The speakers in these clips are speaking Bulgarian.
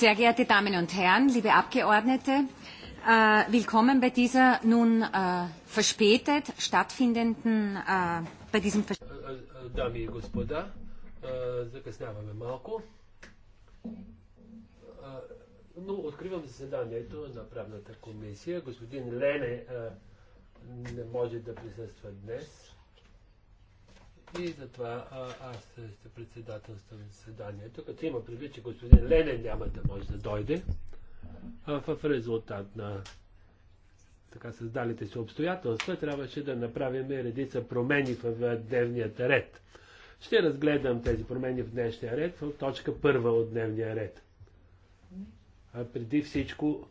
Sehr geehrte Damen und Herren, liebe Abgeordnete, äh, willkommen bei dieser nun äh, verspätet stattfindenden, äh, bei diesem Дами господа, закъсняваме малко, откривам заседанието на правната комисия. Господин Лене не може да присъства днес и затова а, аз ще председателствам заседанието, като има предвид, че господин Ленен няма да може да дойде а, в резултат на така създалите се обстоятелства, трябваше да направим редица промени в дневният ред. Ще разгледам тези промени в днешния ред в точка първа от дневния ред. А преди всичко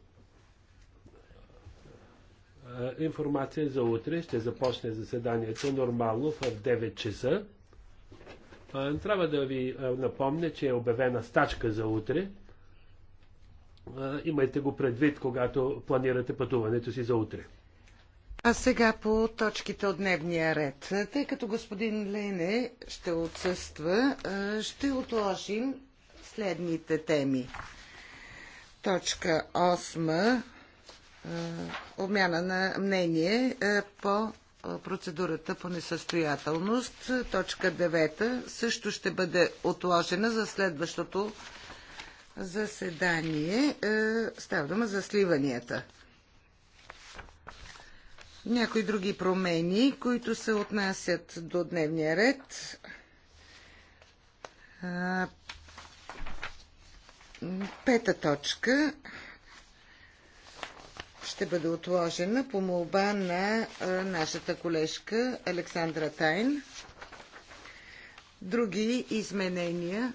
е, информация за утре. Ще започне заседанието нормално в 9 часа. Е, трябва да ви е, напомня, че е обявена стачка за утре. Имайте го предвид, когато планирате пътуването си за утре. А сега по точките от дневния ред. Тъй като господин Лене ще отсъства, ще отложим следните теми. Точка 8 е, обмяна на мнение е, по е, процедурата по несъстоятелност. Точка 9 също ще бъде отложена за следващото заседание. Става дума за сливанията. Някои други промени, които се отнасят до дневния ред. Пета точка ще бъде отложена по молба на нашата колежка Александра Тайн. Други изменения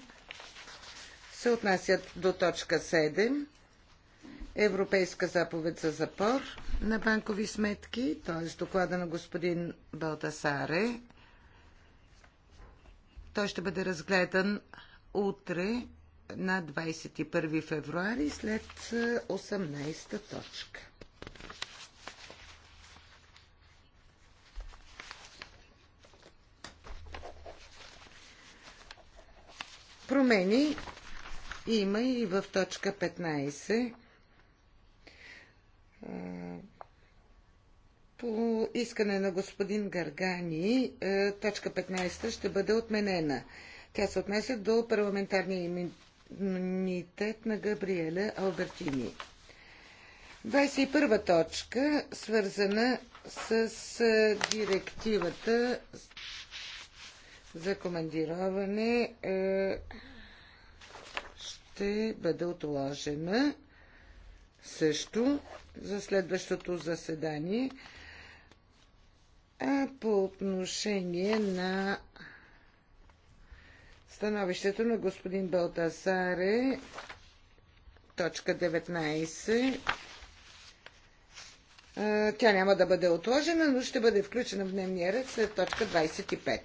се отнасят до точка 7. Европейска заповед за запор на банкови сметки, т.е. доклада на господин Балтасаре. Той ще бъде разгледан утре на 21 февруари след 18 точка. Промени има и в точка 15 по искане на господин Гаргани, точка 15 ще бъде отменена. Тя се отнесе до парламентарния имунитет на Габриеля Албертини. 21 точка, свързана с директивата за командироване е, ще бъде отложена също за следващото заседание. А по отношение на становището на господин Балтасаре, точка 19, е, тя няма да бъде отложена, но ще бъде включена в дневния ред след точка 25.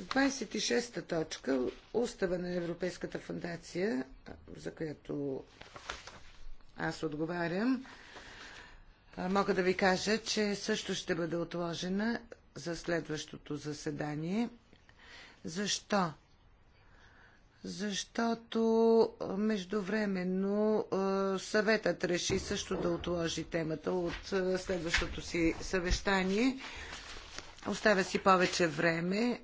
26-та точка, устава на Европейската фундация, за която аз отговарям, мога да ви кажа, че също ще бъде отложена за следващото заседание. Защо? Защото междувременно съветът реши също да отложи темата от следващото си съвещание. Оставя си повече време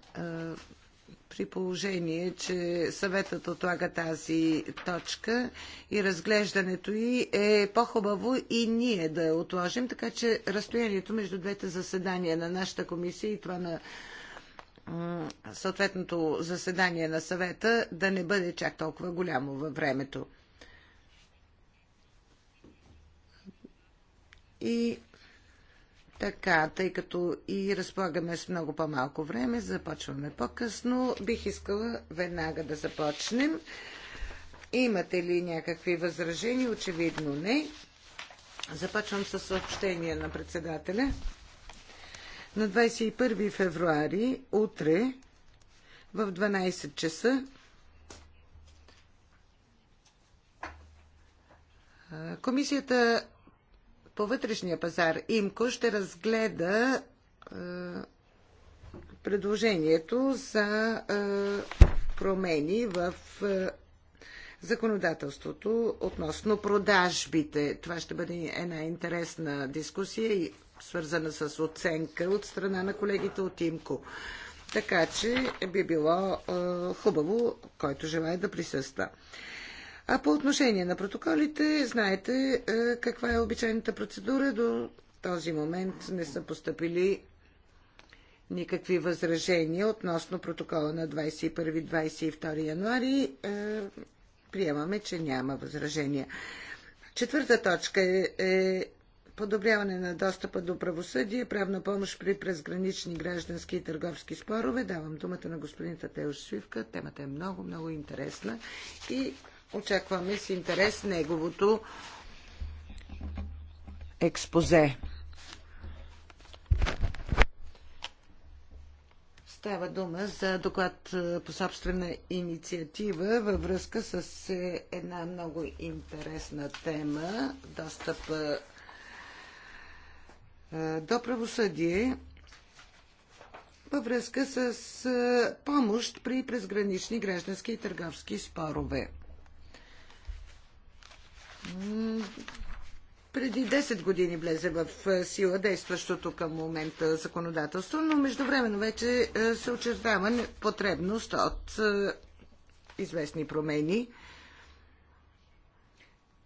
при положение, че съветът отлага тази точка и разглеждането й е по-хубаво и ние да я отложим, така че разстоянието между двете заседания на нашата комисия и това на съответното заседание на съвета да не бъде чак толкова голямо във времето. И така, тъй като и разполагаме с много по-малко време, започваме по-късно. Бих искала веднага да започнем. Имате ли някакви възражения? Очевидно не. Започвам с съобщение на председателя. На 21 февруари, утре, в 12 часа, Комисията по вътрешния пазар ИМКО ще разгледа е, предложението за е, промени в е, законодателството относно продажбите. Това ще бъде една интересна дискусия и свързана с оценка от страна на колегите от ИМКО. Така че би било е, хубаво, който желая да присъства. А по отношение на протоколите, знаете е, каква е обичайната процедура. До този момент не са поступили никакви възражения относно протокола на 21-22 януари. Е, приемаме, че няма възражения. Четвърта точка е, е подобряване на достъпа до правосъдие, правна помощ при презгранични граждански и търговски спорове. Давам думата на господин Татеуш Свивка. Темата е много, много интересна и Очакваме с интерес неговото експозе. Става дума за доклад по собствена инициатива във връзка с е, една много интересна тема достъп до правосъдие във връзка с помощ при презгранични граждански и търговски спорове преди 10 години влезе в е, сила действащото към момента законодателство, но междувременно вече е, се очертава потребност от е, известни промени.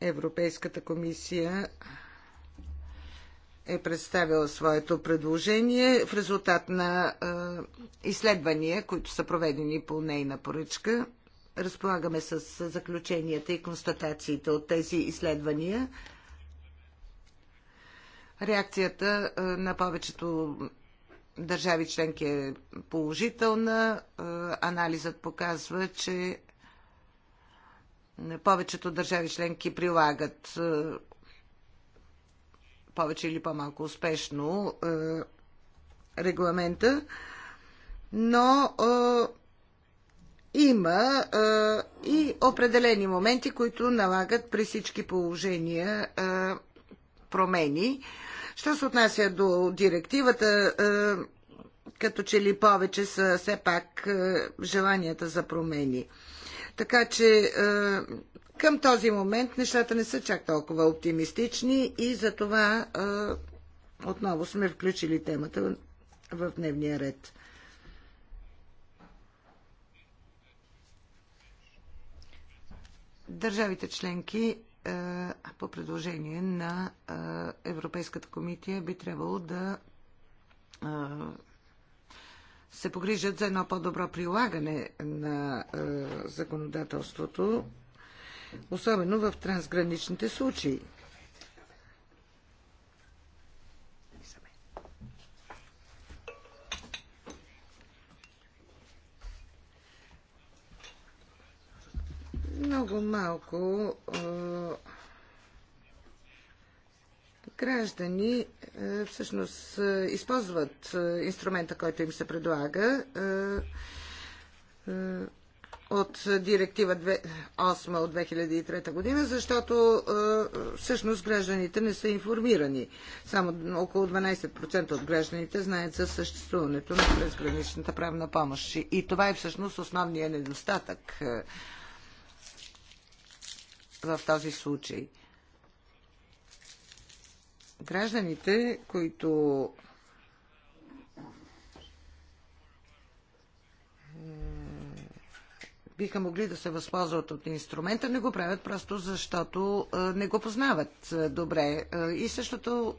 Европейската комисия е представила своето предложение в резултат на изследвания, които са проведени по нейна поръчка – разполагаме с заключенията и констатациите от тези изследвания. Реакцията на повечето държави членки е положителна. Анализът показва, че повечето държави членки прилагат повече или по-малко успешно регламента, но има а, и определени моменти, които налагат при всички положения а, промени. Що се отнася до директивата, а, като че ли повече са все пак а, желанията за промени. Така че а, към този момент нещата не са чак толкова оптимистични и за това а, отново сме включили темата в дневния ред. Държавите членки е, по предложение на е, Европейската комисия би трябвало да е, се погрижат за едно по-добро прилагане на законодателството, особено в трансграничните случаи. Много малко граждани всъщност използват инструмента, който им се предлага. от директива 8 от 2003 година, защото всъщност гражданите не са информирани. Само около 12% от гражданите знаят за съществуването на презграничната правна помощ. И това е всъщност основният недостатък в този случай. Гражданите, които е, биха могли да се възползват от инструмента, не го правят просто защото е, не го познават е, добре. И същото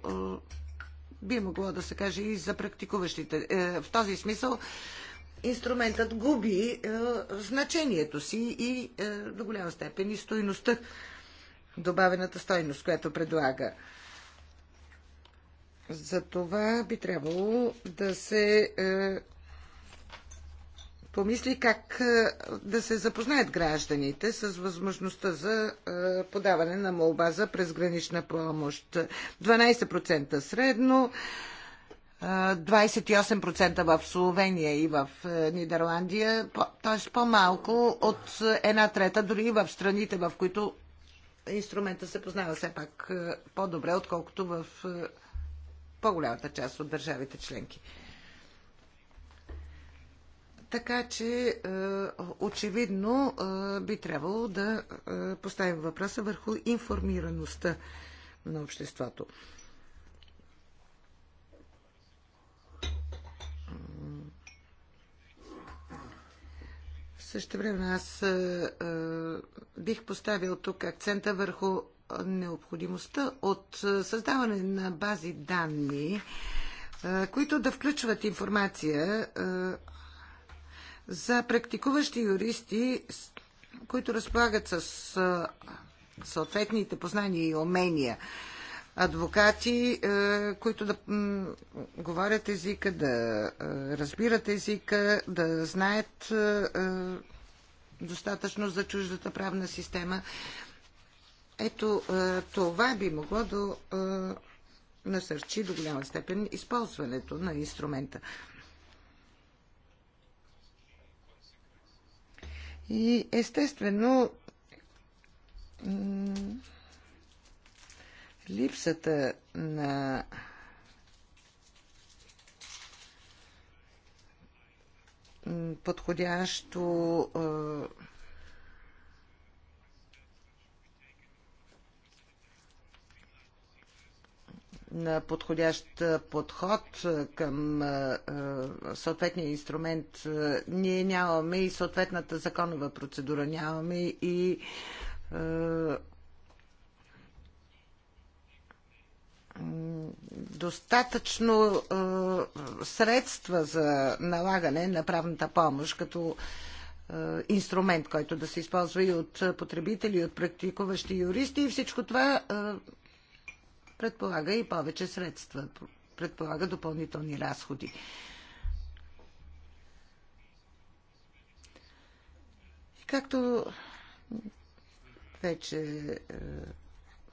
би могло да се каже и за практикуващите. В този смисъл инструментът губи е, значението си и е, до голяма степен и стойността, добавената стойност, която предлага. За това би трябвало да се е, помисли как е, да се запознаят гражданите с възможността за е, подаване на молба за презгранична помощ. 12% средно. Е, 28% в Словения и в е, Нидерландия, т.е. по-малко от една трета, дори и в страните, в които инструмента се познава все пак е, по-добре, отколкото в е, по-голямата част от държавите членки. Така че очевидно би трябвало да поставим въпроса върху информираността на обществото. Също време аз а, а, бих поставил тук акцента върху необходимостта от създаване на бази данни, а, които да включват информация а, за практикуващи юристи, които разполагат с а, съответните познания и умения адвокати, е, които да говорят езика, да е, разбират езика, да знаят е, достатъчно за чуждата правна система. Ето, това би могло да насърчи до голяма степен използването на инструмента. И естествено, Липсата на подходящо на подходящ подход към съответния инструмент. Ние нямаме и съответната законова процедура, нямаме и достатъчно е, средства за налагане на правната помощ като е, инструмент, който да се използва и от потребители, и от практикуващи юристи. И всичко това е, предполага и повече средства, предполага допълнителни разходи. И както вече. Е,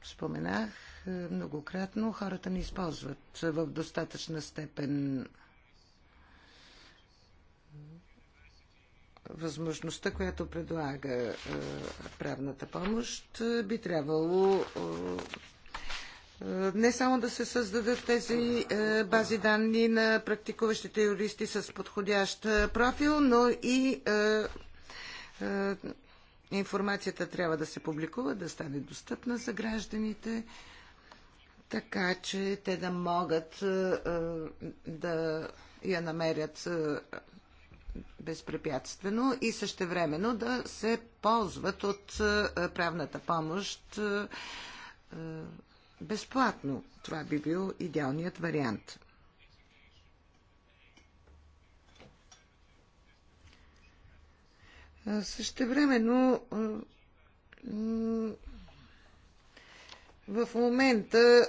споменах е, многократно, хората не използват в достатъчна степен е, възможността, която предлага е, правната помощ. Би трябвало не само да се създадат тези бази данни на практикуващите юристи с подходящ профил, но и информацията трябва да се публикува, да стане достъпна за гражданите, така че те да могат е, е, да я намерят е, безпрепятствено и същевременно да се ползват от правната помощ безплатно. Това би бил идеалният вариант. Същевременно в момента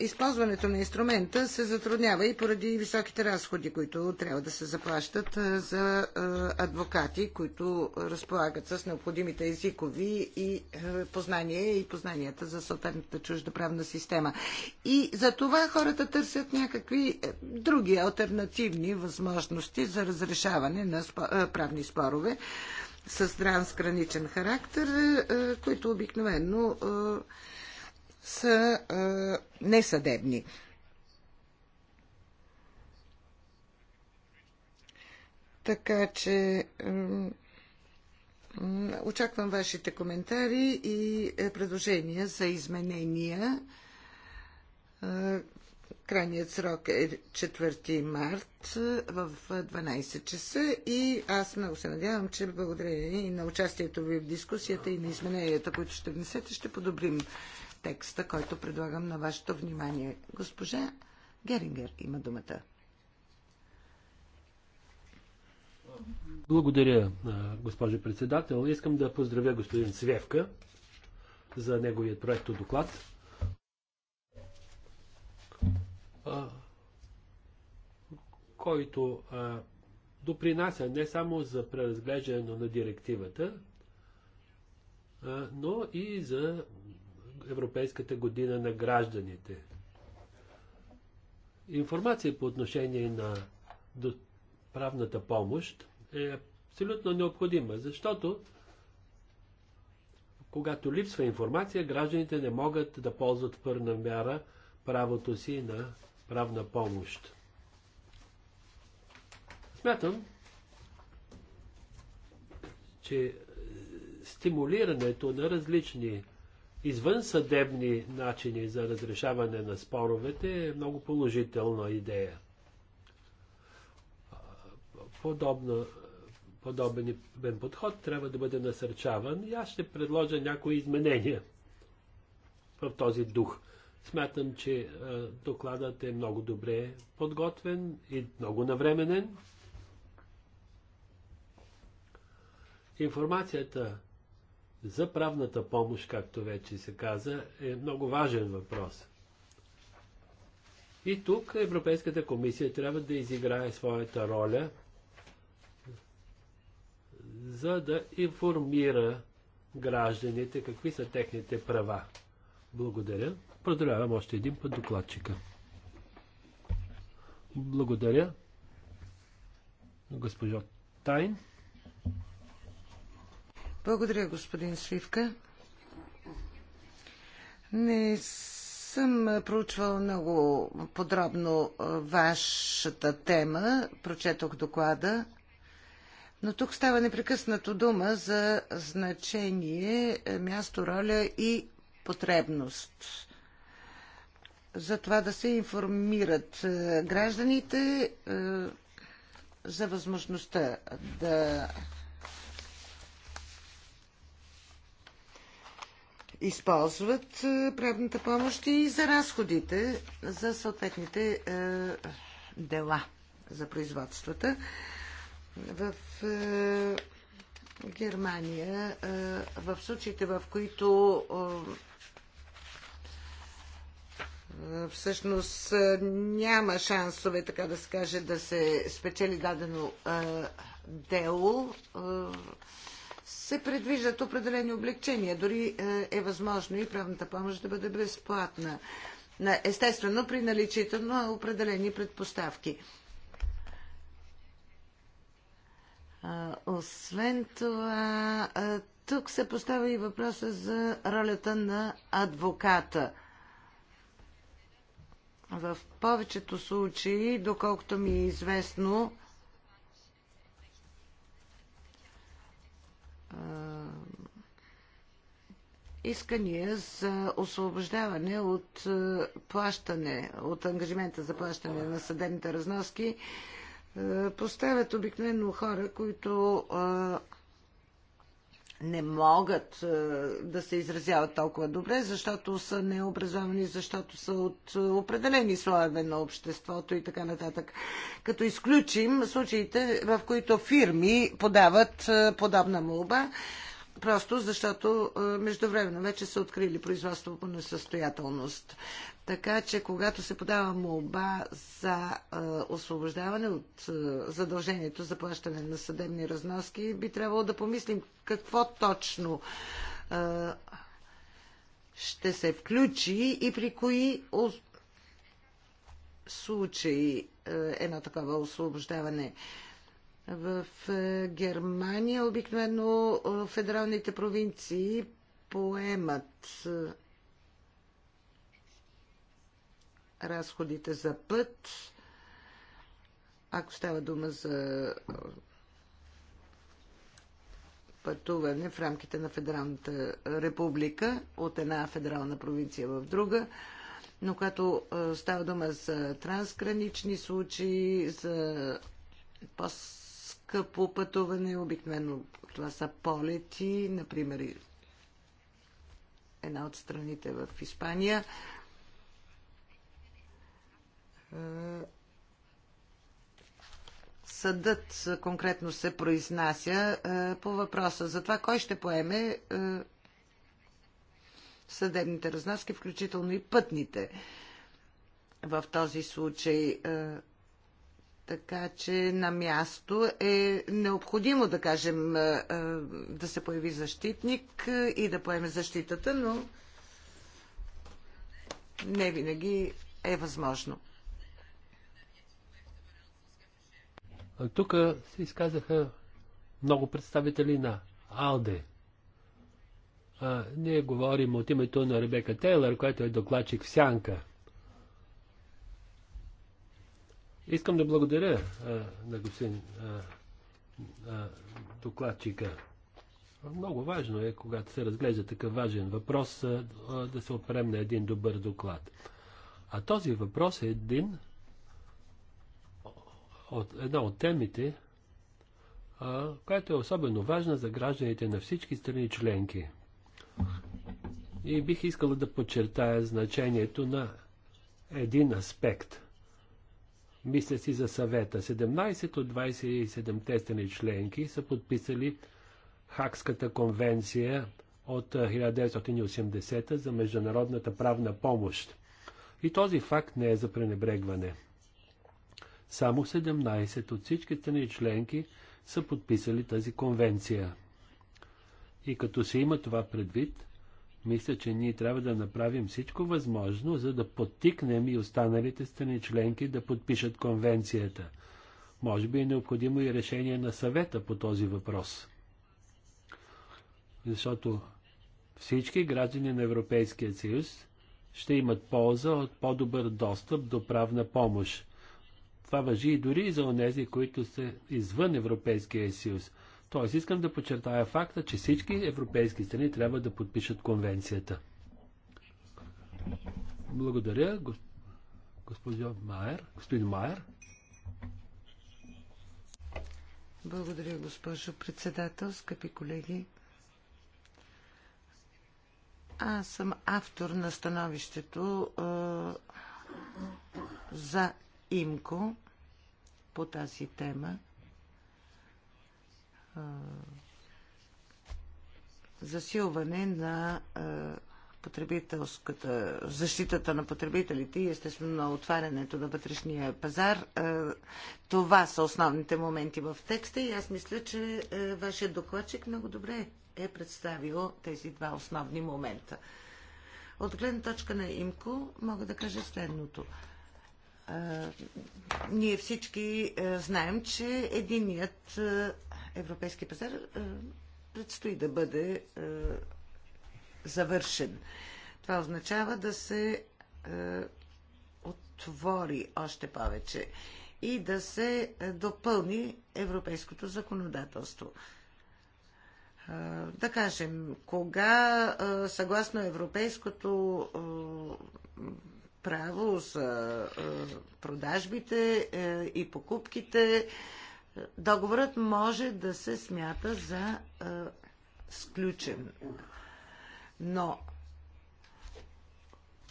използването на инструмента се затруднява и поради високите разходи, които трябва да се заплащат за адвокати, които разполагат с необходимите езикови и познания и познанията за съответната чужда правна система. И за това хората търсят някакви е, други альтернативни възможности за разрешаване на правни спорове с трансграничен характер, които обикновено са а, несъдебни. Така че очаквам вашите коментари и е, предложения за изменения. Крайният срок е 4 март в 12 часа и аз много се надявам, че благодарение и на участието ви в дискусията и на измененията, които ще внесете, ще подобрим текста, който предлагам на вашето внимание. Госпожа Герингер има думата. Благодаря, госпожо председател. Искам да поздравя господин Цвевка за неговият проект доклад. който допринася не само за преразглеждане на директивата, но и за Европейската година на гражданите. Информация по отношение на правната помощ е абсолютно необходима, защото когато липсва информация, гражданите не могат да ползват в пърна мяра правото си на правна помощ. Смятам, че стимулирането на различни извънсъдебни начини за разрешаване на споровете е много положителна идея. Подобно, подобен подход трябва да бъде насърчаван и аз ще предложа някои изменения в този дух. Смятам, че е, докладът е много добре подготвен и много навременен. Информацията, за правната помощ, както вече се каза, е много важен въпрос. И тук Европейската комисия трябва да изиграе своята роля, за да информира гражданите какви са техните права. Благодаря. Продължавам още един път докладчика. Благодаря. Госпожо Тайн. Благодаря, господин Свивка. Не съм проучвал много подробно вашата тема. Прочетох доклада. Но тук става непрекъснато дума за значение, е, място, роля и потребност. За това да се информират е, гражданите е, за възможността да използват е, правната помощ и за разходите за съответните е, дела за производствата. В е, Германия, в случаите, в които всъщност няма шансове, така да се каже, да се спечели дадено дело, се предвиждат определени облегчения. Дори е, е възможно и правната помощ да бъде безплатна. Естествено, при наличието на определени предпоставки. Освен това, тук се поставя и въпроса за ролята на адвоката. В повечето случаи, доколкото ми е известно, искания за освобождаване от плащане, от ангажимента за плащане на съдебните разноски поставят обикновено хора, които не могат е, да се изразяват толкова добре, защото са необразовани, защото са от е, определени слоеве на обществото и така нататък. Като изключим случаите, в които фирми подават е, подобна молба, просто защото е, междувременно вече са открили производство по несъстоятелност. Така че, когато се подава молба за е, освобождаване от е, задължението за плащане на съдебни разноски, би трябвало да помислим какво точно ще се включи и при кои случаи едно такова освобождаване в е, Германия обикновено е, федералните провинции поемат е, разходите за път, ако става дума за пътуване в рамките на Федералната република от една федерална провинция в друга, но като става дума за трансгранични случаи, за скъпо пътуване. Обикновено това са полети, например една от страните в Испания. Е, съдът конкретно се произнася е, по въпроса за това кой ще поеме е, съдебните разноски, включително и пътните. В този случай така че на място е необходимо, да кажем, е, е, да се появи защитник е, и да поеме защитата, но не винаги е възможно. Тук се изказаха много представители на АЛДЕ. А, ние говорим от името на Ребека Тейлър, която е докладчик в Сянка. Искам да благодаря а, на господин а, а, докладчика. Много важно е, когато се разглежда такъв важен въпрос, а, да се опрем на един добър доклад. А този въпрос е един от, една от темите, а, която е особено важна за гражданите на всички страни членки. И бих искала да подчертая значението на един аспект – мисля си за съвета. 17 от 27 страни членки са подписали Хакската конвенция от 1980 за международната правна помощ. И този факт не е за пренебрегване. Само 17 от всички страни членки са подписали тази конвенция. И като се има това предвид, мисля, че ние трябва да направим всичко възможно, за да подтикнем и останалите страни членки да подпишат конвенцията. Може би е необходимо и решение на съвета по този въпрос. Защото всички граждани на Европейския съюз ще имат полза от по-добър достъп до правна помощ. Това въжи и дори и за онези, които са извън Европейския съюз. Тоест искам да подчертая факта, че всички европейски страни трябва да подпишат конвенцията. Благодаря, господин Майер. Господин Майер. Благодаря, госпожо председател, скъпи колеги. Аз съм автор на становището е, за ИМКО по тази тема засилване на потребителската защитата на потребителите и естествено на отварянето на вътрешния пазар. Това са основните моменти в текста и аз мисля, че е, вашия докладчик много добре е представил тези два основни момента. От гледна точка на ИМКО мога да кажа следното. Е, ние всички е, знаем, че единият е, европейски пазар предстои да бъде завършен. Това означава да се отвори още повече и да се допълни европейското законодателство. Да кажем, кога съгласно европейското право за е, продажбите е, и покупките, договорът може да се смята за е, сключен. Но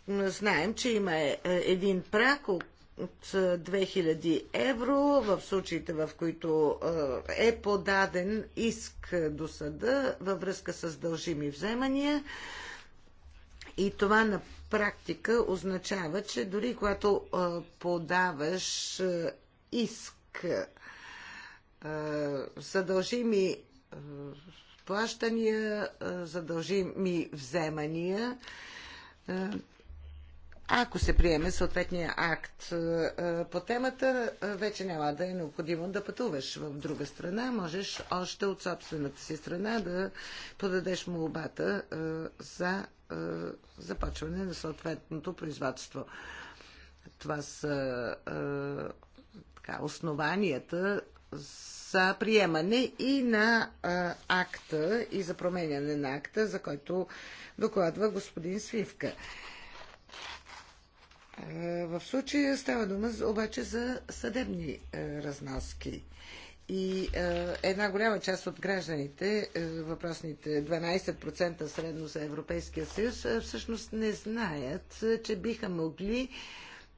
знаем, че има един прак от 2000 евро в случаите, в които е подаден иск до съда във връзка с дължими вземания. И това на практика означава, че дори когато подаваш иск задължими плащания, задължими вземания, ако се приеме съответния акт е, е, по темата, е, вече няма да е необходимо да пътуваш в друга страна. Можеш още от собствената си страна да подадеш молбата за започване на съответното производство. Това са така, основанията за приемане и на акта и за променяне на акта, за който докладва господин Свивка. Е, в случая става дума обаче за съдебни е, разноски. И е, една голяма част от гражданите, въпросните 12% средно за Европейския съюз, всъщност не знаят, че биха могли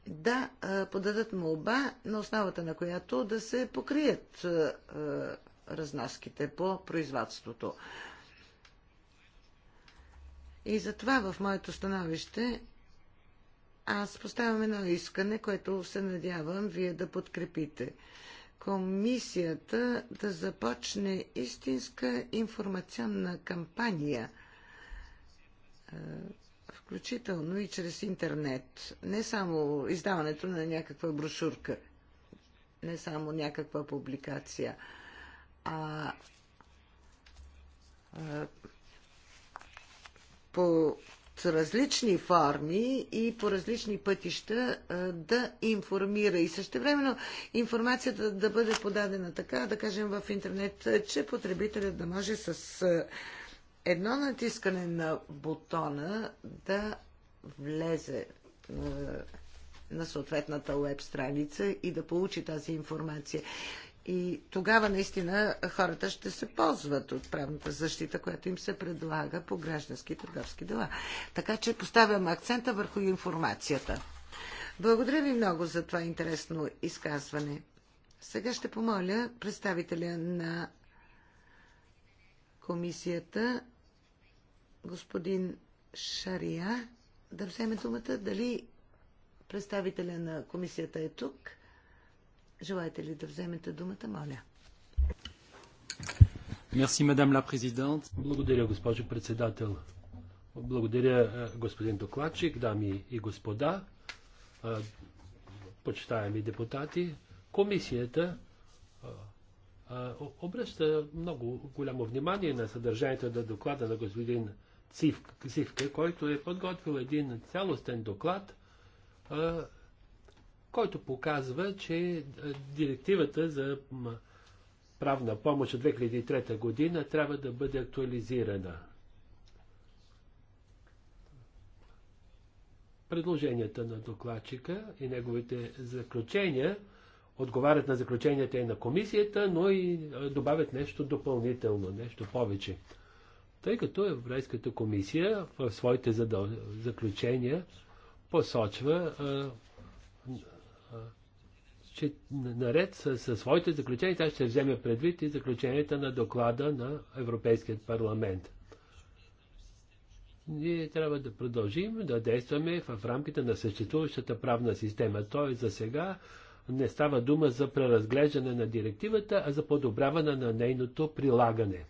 да подадат молба, на основата на която да се покрият разноските по производството. И затова в моето становище аз поставям едно искане, което се надявам вие да подкрепите. Комисията да започне истинска информационна кампания, включително и чрез интернет. Не само издаването на някаква брошурка, не само някаква публикация, а по различни форми и по различни пътища да информира и същевременно информацията да бъде подадена така, да кажем в интернет, че потребителят да може с едно натискане на бутона да влезе на съответната веб страница и да получи тази информация. И тогава наистина хората ще се ползват от правната защита, която им се предлага по граждански и търговски дела. Така че поставям акцента върху информацията. Благодаря ви много за това интересно изказване. Сега ще помоля представителя на комисията, господин Шария, да вземе думата. Дали представителя на комисията е тук? Желаете ли да вземете думата, моля? Мерси, мадам ла президент. Благодаря, госпожо председател. Благодаря, е, господин докладчик, дами и господа, е, почитаеми депутати. Комисията е, обръща много голямо внимание на съдържанието на доклада на господин Цивка, който е подготвил един цялостен доклад който показва, че е, директивата за правна помощ от 2003 година трябва да бъде актуализирана. Предложенията на докладчика и неговите заключения отговарят на заключенията и на комисията, но и е, добавят нещо допълнително, нещо повече. Тъй като Европейската комисия в своите заключения посочва е, че наред със своите заключения тя ще вземе предвид и заключенията на доклада на Европейският парламент. Ние трябва да продължим да действаме в рамките на съществуващата правна система. Той за сега не става дума за преразглеждане на директивата, а за подобряване на нейното прилагане.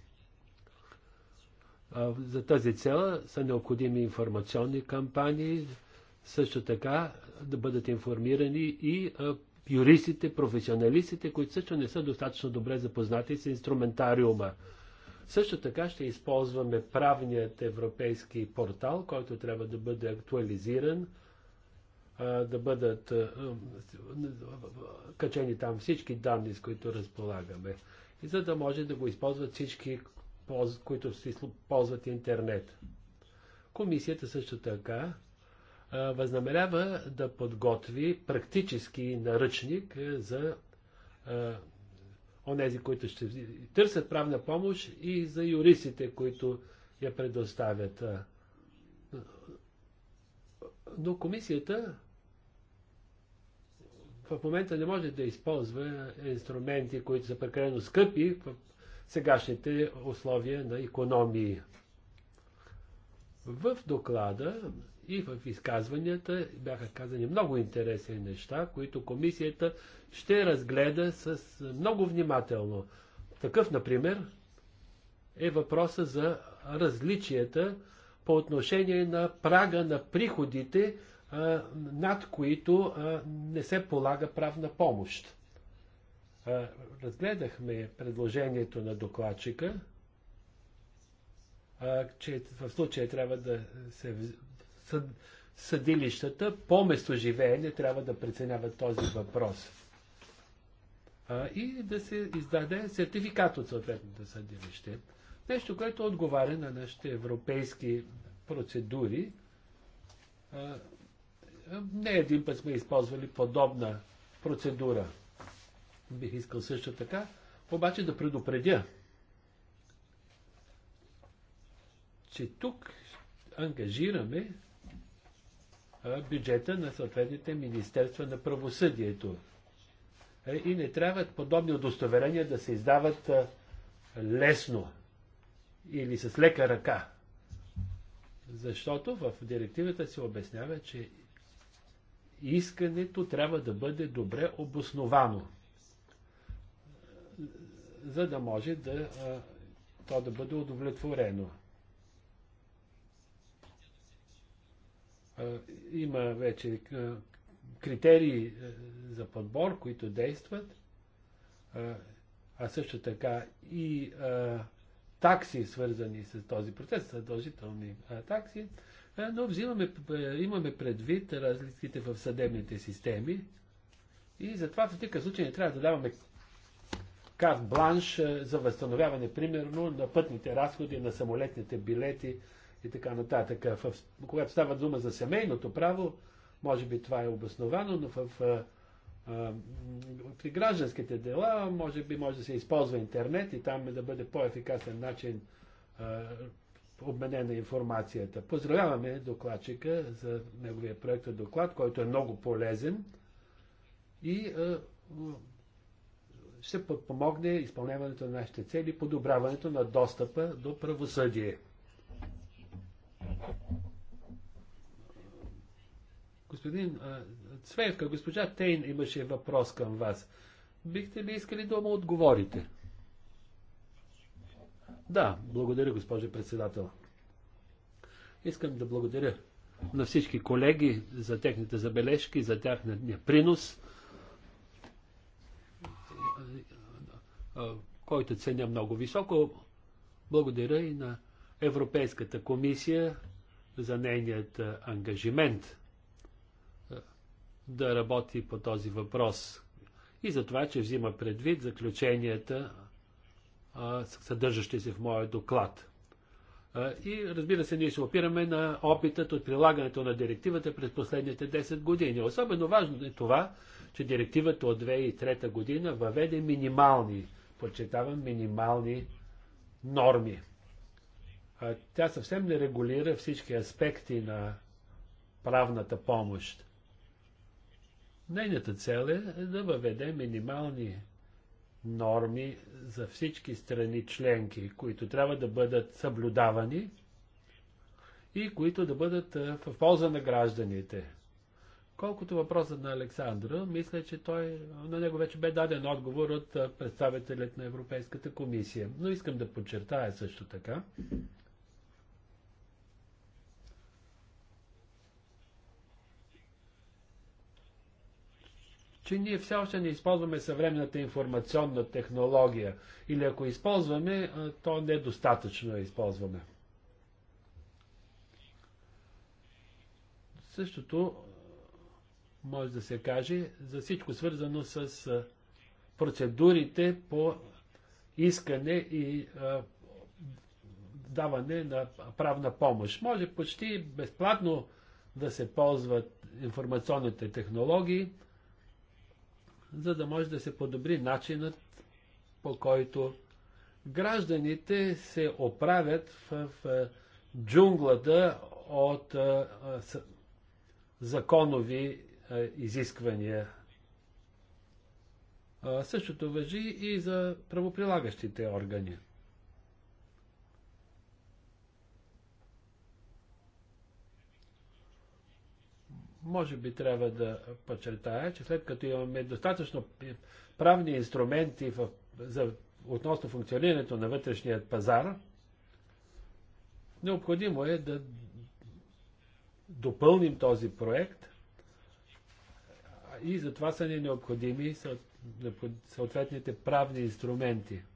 За тази цела са необходими информационни кампании, също така да бъдат информирани и юристите, професионалистите, които също не са достатъчно добре запознати с инструментариума. Също така ще използваме правният европейски портал, който трябва да бъде актуализиран, да бъдат качени там всички данни, с които разполагаме, и за да може да го използват всички, които си ползват интернет. Комисията също така възнамерява да подготви практически наръчник е, за онези, които ще търсят правна помощ и за юристите, които я предоставят. Но комисията в момента не може да използва инструменти, които са прекалено скъпи в сегашните условия на економии. В доклада и в изказванията бяха казани много интересни неща, които комисията ще разгледа с много внимателно. Такъв, например, е въпроса за различията по отношение на прага на приходите, над които не се полага правна помощ. разгледахме предложението на докладчика, че в случая трябва да се съд, съдилищата по местоживеене трябва да преценяват този въпрос. А, и да се издаде сертификат от съответното съдилище. Нещо, което отговаря на нашите европейски процедури. А, не един път сме използвали подобна процедура. Бих искал също така, обаче да предупредя, че тук ангажираме бюджета на съответните Министерства на правосъдието. Е, и не трябва подобни удостоверения да се издават лесно или с лека ръка. Защото в директивата се обяснява, че искането трябва да бъде добре обосновано, за да може да, то да бъде удовлетворено. Има вече критерии за подбор, които действат, а също така и такси, свързани с този процес, задължителни такси, но взимаме, имаме предвид разликите в съдебните системи и затова в такъв случай не трябва да даваме карт бланш за възстановяване, примерно, на пътните разходи, на самолетните билети, и така нататък. В, когато става дума за семейното право, може би това е обосновано, но в, в, в, в гражданските дела, може би може да се използва интернет и там е да бъде по-ефикасен начин обменена информацията. Поздравяваме докладчика за неговия проект доклад, който е много полезен и ще подпомогне изпълняването на нашите цели, подобряването на достъпа до правосъдие. Господин Цвевка, госпожа Тейн имаше въпрос към вас. Бихте ли искали да му отговорите? Да, благодаря, госпожо председател. Искам да благодаря на всички колеги за техните забележки, за тяхния принос, който ценя много високо. Благодаря и на Европейската комисия за нейният ангажимент да работи по този въпрос и за това, че взима предвид заключенията, съдържащи се в моя доклад. И разбира се, ние се опираме на опитът от прилагането на директивата през последните 10 години. Особено важно е това, че директивата от 2003 година въведе минимални, подчертавам, минимални норми тя съвсем не регулира всички аспекти на правната помощ. Нейната цел е да въведе минимални норми за всички страни членки, които трябва да бъдат съблюдавани и които да бъдат в полза на гражданите. Колкото въпросът на Александра, мисля, че той, на него вече бе даден отговор от представителят на Европейската комисия. Но искам да подчертая също така, че ние все още не използваме съвременната информационна технология. Или ако използваме, то недостатъчно я използваме. Същото може да се каже за всичко свързано с процедурите по искане и даване на правна помощ. Може почти безплатно да се ползват информационните технологии, за да може да се подобри начинът по който гражданите се оправят в, в е, джунглата от а, е, е, с, законови а, изисквания. А, същото въжи и за правоприлагащите органи. Може би трябва да подчертая, че след като имаме достатъчно правни инструменти в, за, относно функционирането на вътрешният пазар, необходимо е да допълним този проект и затова са ни необходими съответните правни инструменти –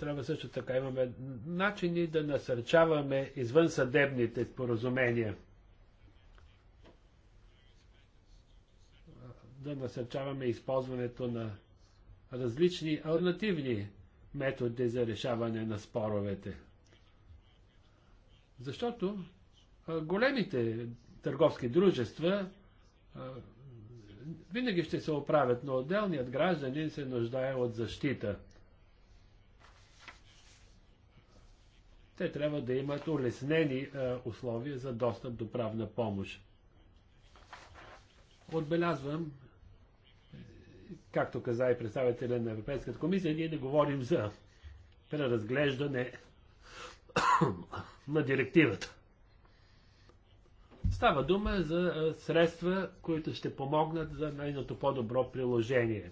трябва също така имаме начини да насърчаваме извънсъдебните споразумения. Да насърчаваме използването на различни альтернативни методи за решаване на споровете. Защото големите търговски дружества винаги ще се оправят, но отделният гражданин се нуждае от защита – Те трябва да имат улеснени е, условия за достъп до правна помощ. Отбелязвам, както каза и представителя на Европейската комисия, ние не говорим за преразглеждане на директивата. Става дума за е, средства, които ще помогнат за нейното по-добро приложение.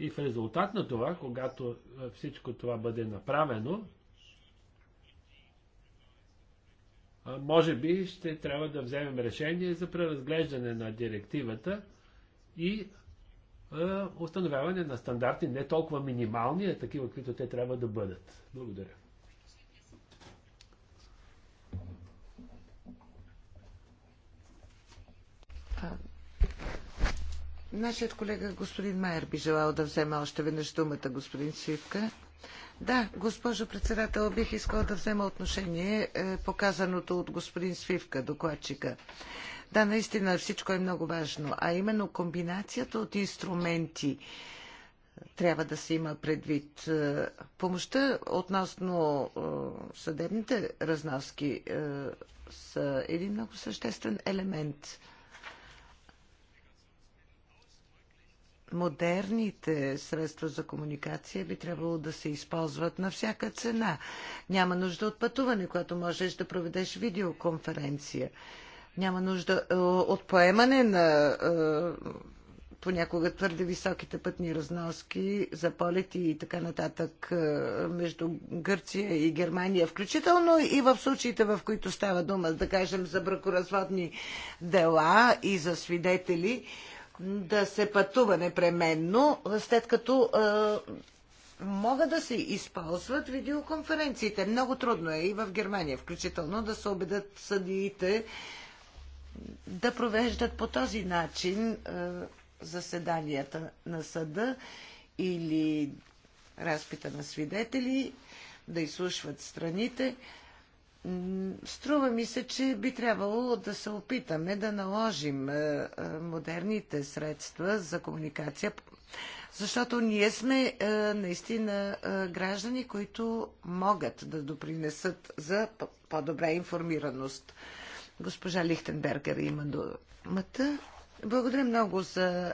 И в резултат на това, когато е, всичко това бъде направено, може би ще трябва да вземем решение за преразглеждане на директивата и е, установяване на стандарти не толкова минимални, а такива, каквито те трябва да бъдат. Благодаря. Нашият колега господин Майер би желал да вземе още веднъж думата, господин Свивка. Да, госпожо председател, бих искал да взема отношение е, показаното от господин Свивка, докладчика. Да, наистина всичко е много важно, а именно комбинацията от инструменти трябва да се има предвид. Е, помощта относно е, съдебните разноски е, са един много съществен елемент – модерните средства за комуникация би трябвало да се използват на всяка цена. Няма нужда от пътуване, когато можеш да проведеш видеоконференция. Няма нужда е, от поемане на е, понякога твърде високите пътни разноски за полети и така нататък е, между Гърция и Германия, включително и в случаите, в които става дума, да кажем, за бракоразводни дела и за свидетели да се пътува непременно, след като а, могат да се използват видеоконференциите. Много трудно е и в Германия, включително, да се убедят съдиите да провеждат по този начин а, заседанията на съда или разпита на свидетели, да изслушват страните. Струва ми се, че би трябвало да се опитаме да наложим е, е, модерните средства за комуникация, защото ние сме е, наистина граждани, които могат да допринесат за по-добра информираност. Госпожа Лихтенбергер има думата. Благодаря много за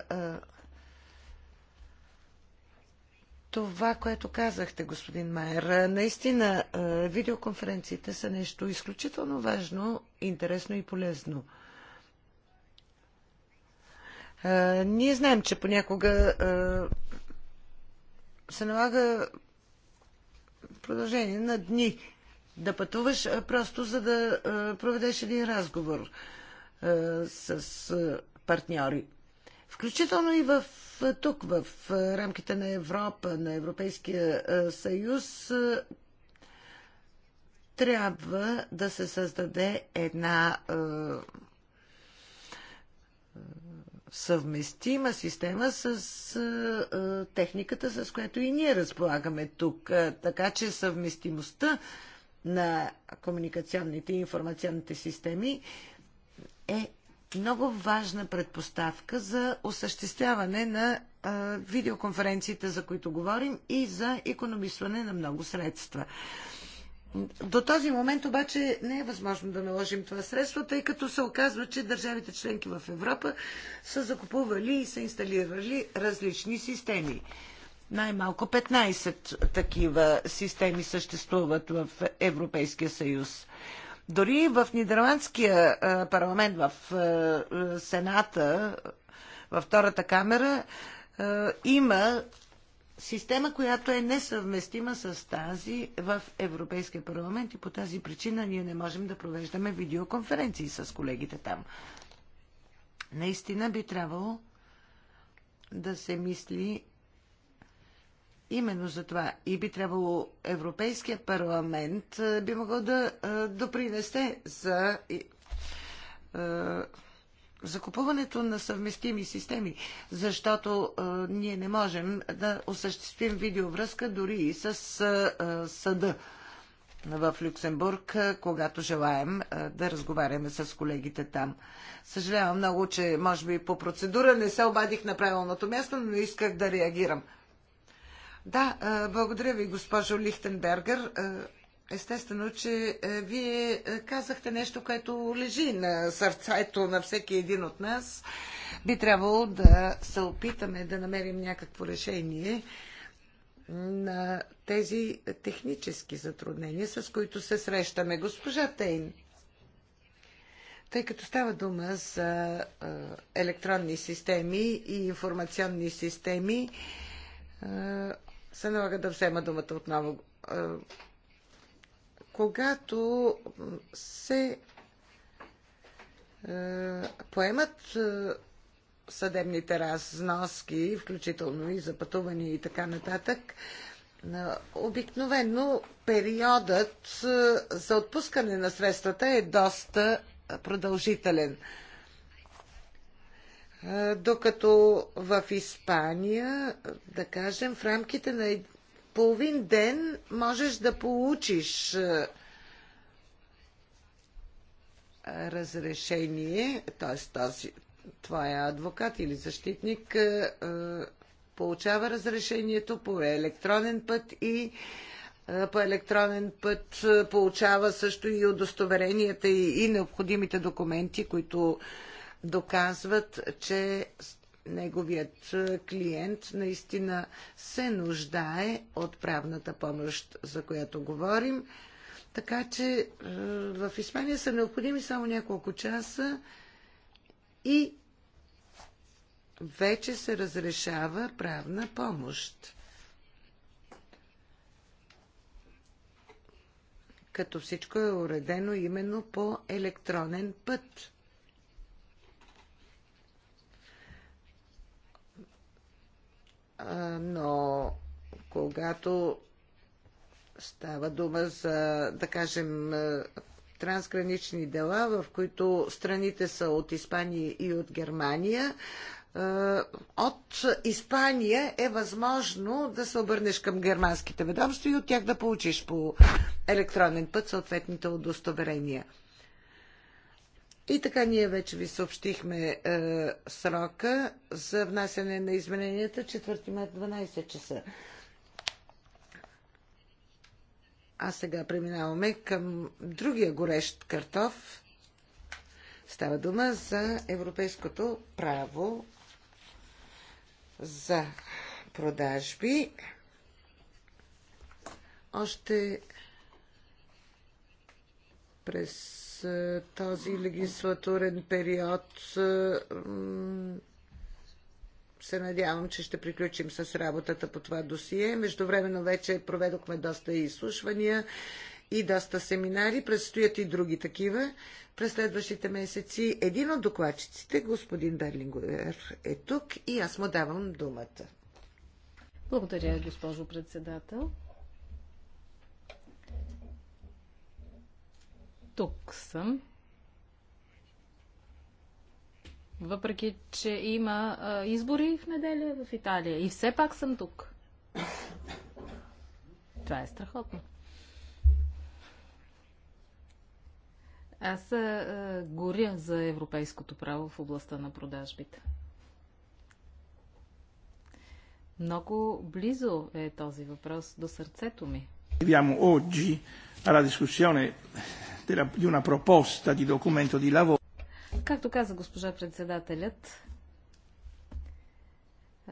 това, което казахте, господин Майер. Наистина, е, видеоконференциите са нещо изключително важно, интересно и полезно. Е, ние знаем, че понякога е, се налага продължение на дни да пътуваш просто за да проведеш един разговор с партньори. Включително и в тук, в рамките на Европа, на Европейския съюз, трябва да се създаде една съвместима система с а, техниката, с която и ние разполагаме тук. Така че съвместимостта на комуникационните и информационните системи е много важна предпоставка за осъществяване на а, видеоконференциите, за които говорим, и за економисване на много средства. До този момент обаче не е възможно да наложим това средство, тъй като се оказва, че държавите членки в Европа са закупували и са инсталирали различни системи. Най-малко 15 такива системи съществуват в Европейския съюз. Дори в нидерландския парламент, в Сената, във втората камера, има система, която е несъвместима с тази в Европейския парламент и по тази причина ние не можем да провеждаме видеоконференции с колегите там. Наистина би трябвало да се мисли Именно за това и би трябвало Европейския парламент е, би могъл да е, допринесе за е, закупуването на съвместими системи, защото а, ние не можем да осъществим видеовръзка дори и с а, съда в Люксембург, когато желаем да разговаряме с колегите там. Съжалявам много, че може би по процедура не се обадих на правилното място, но исках да реагирам. Да, благодаря ви, госпожо Лихтенбергер. Естествено, че вие казахте нещо, което лежи на сърцето на всеки един от нас. Би трябвало да се опитаме да намерим някакво решение на тези технически затруднения, с които се срещаме. Госпожа Тейн, тъй като става дума за електронни системи и информационни системи, се налага да взема думата отново. Когато се поемат съдебните разноски, включително и за пътувания и така нататък, обикновено периодът за отпускане на средствата е доста продължителен докато в Испания, да кажем, в рамките на половин ден можеш да получиш разрешение, т.е. този твоя адвокат или защитник получава разрешението по електронен път и по електронен път получава също и удостоверенията и, и необходимите документи, които доказват, че неговият клиент наистина се нуждае от правната помощ, за която говорим. Така че е, в Испания са необходими само няколко часа и вече се разрешава правна помощ. Като всичко е уредено именно по електронен път. но когато става дума за, да кажем, трансгранични дела, в които страните са от Испания и от Германия, от Испания е възможно да се обърнеш към германските ведомства и от тях да получиш по електронен път съответните удостоверения. И така ние вече ви съобщихме е, срока за внасяне на измененията 4 мая 12 часа. А сега преминаваме към другия горещ картоф. Става дума за европейското право за продажби. Още през е, този легислатурен период е, се надявам, че ще приключим с работата по това досие. Междувременно вече проведохме доста изслушвания и доста семинари. Предстоят и други такива през следващите месеци. Един от докладчиците, господин Дарлингуер, е тук и аз му давам думата. Благодаря, госпожо председател. Тук съм. Въпреки, че има а, избори в неделя в Италия. И все пак съм тук. Това е страхотно. Аз а, горя за европейското право в областта на продажбите. Много близо е този въпрос до сърцето ми. Vediamo oggi alla discussione di una proposta di documento di lavoro. Както каза госпожа председателят,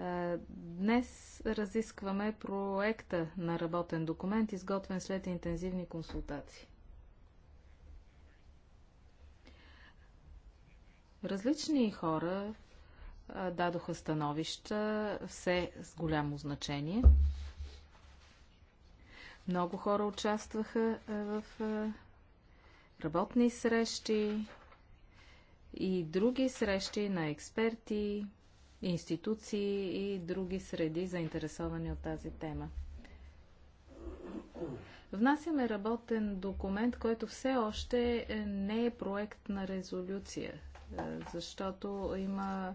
е, днес разискваме проекта на работен документ, изготвен след интензивни консултации. Различни хора е, дадоха становища, все с голямо значение. Много хора участваха е, в работни срещи и други срещи на експерти, институции и други среди, заинтересовани от тази тема. Внасяме работен документ, който все още не е проект на резолюция, е, защото има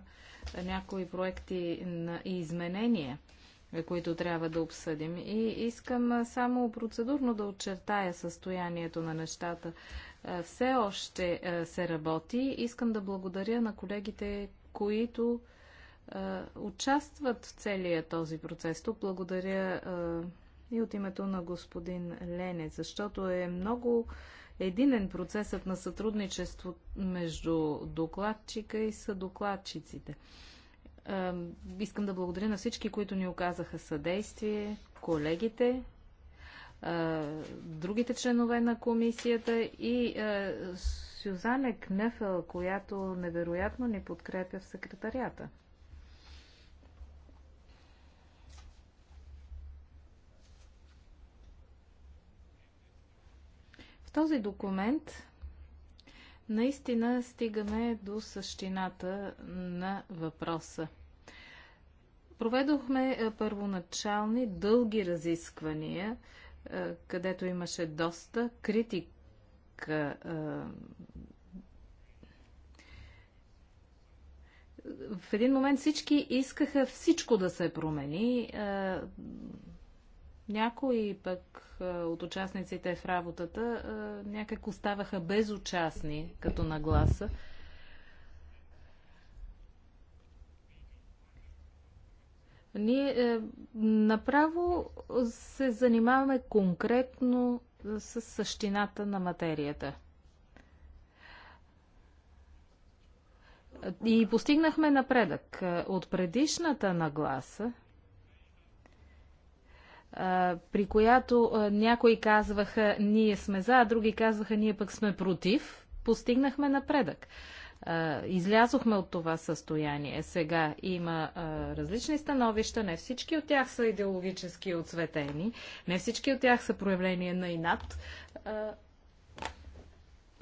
някои проекти на изменения които трябва да обсъдим. И искам само процедурно да очертая състоянието на нещата. Все още се работи. Искам да благодаря на колегите, които участват в целия този процес. Тук благодаря и от името на господин Лене, защото е много единен процесът на сътрудничество между докладчика и съдокладчиците. Искам да благодаря на всички, които ни оказаха съдействие, колегите, другите членове на комисията и Сюзане Кнефел, която невероятно ни подкрепя в секретарията. В този документ наистина стигаме до същината на въпроса. Проведохме е, първоначални дълги разисквания, е, където имаше доста критика е, в един момент всички искаха всичко да се промени. Някои пък е, от участниците в работата е, някак оставаха безучастни като нагласа. Ние е, направо се занимаваме конкретно с същината на материята. И постигнахме напредък. От предишната нагласа при която някои казваха ние сме за, а други казваха ние пък сме против, постигнахме напредък. Излязохме от това състояние. Сега има различни становища, не всички от тях са идеологически отцветени, не всички от тях са проявление на инат.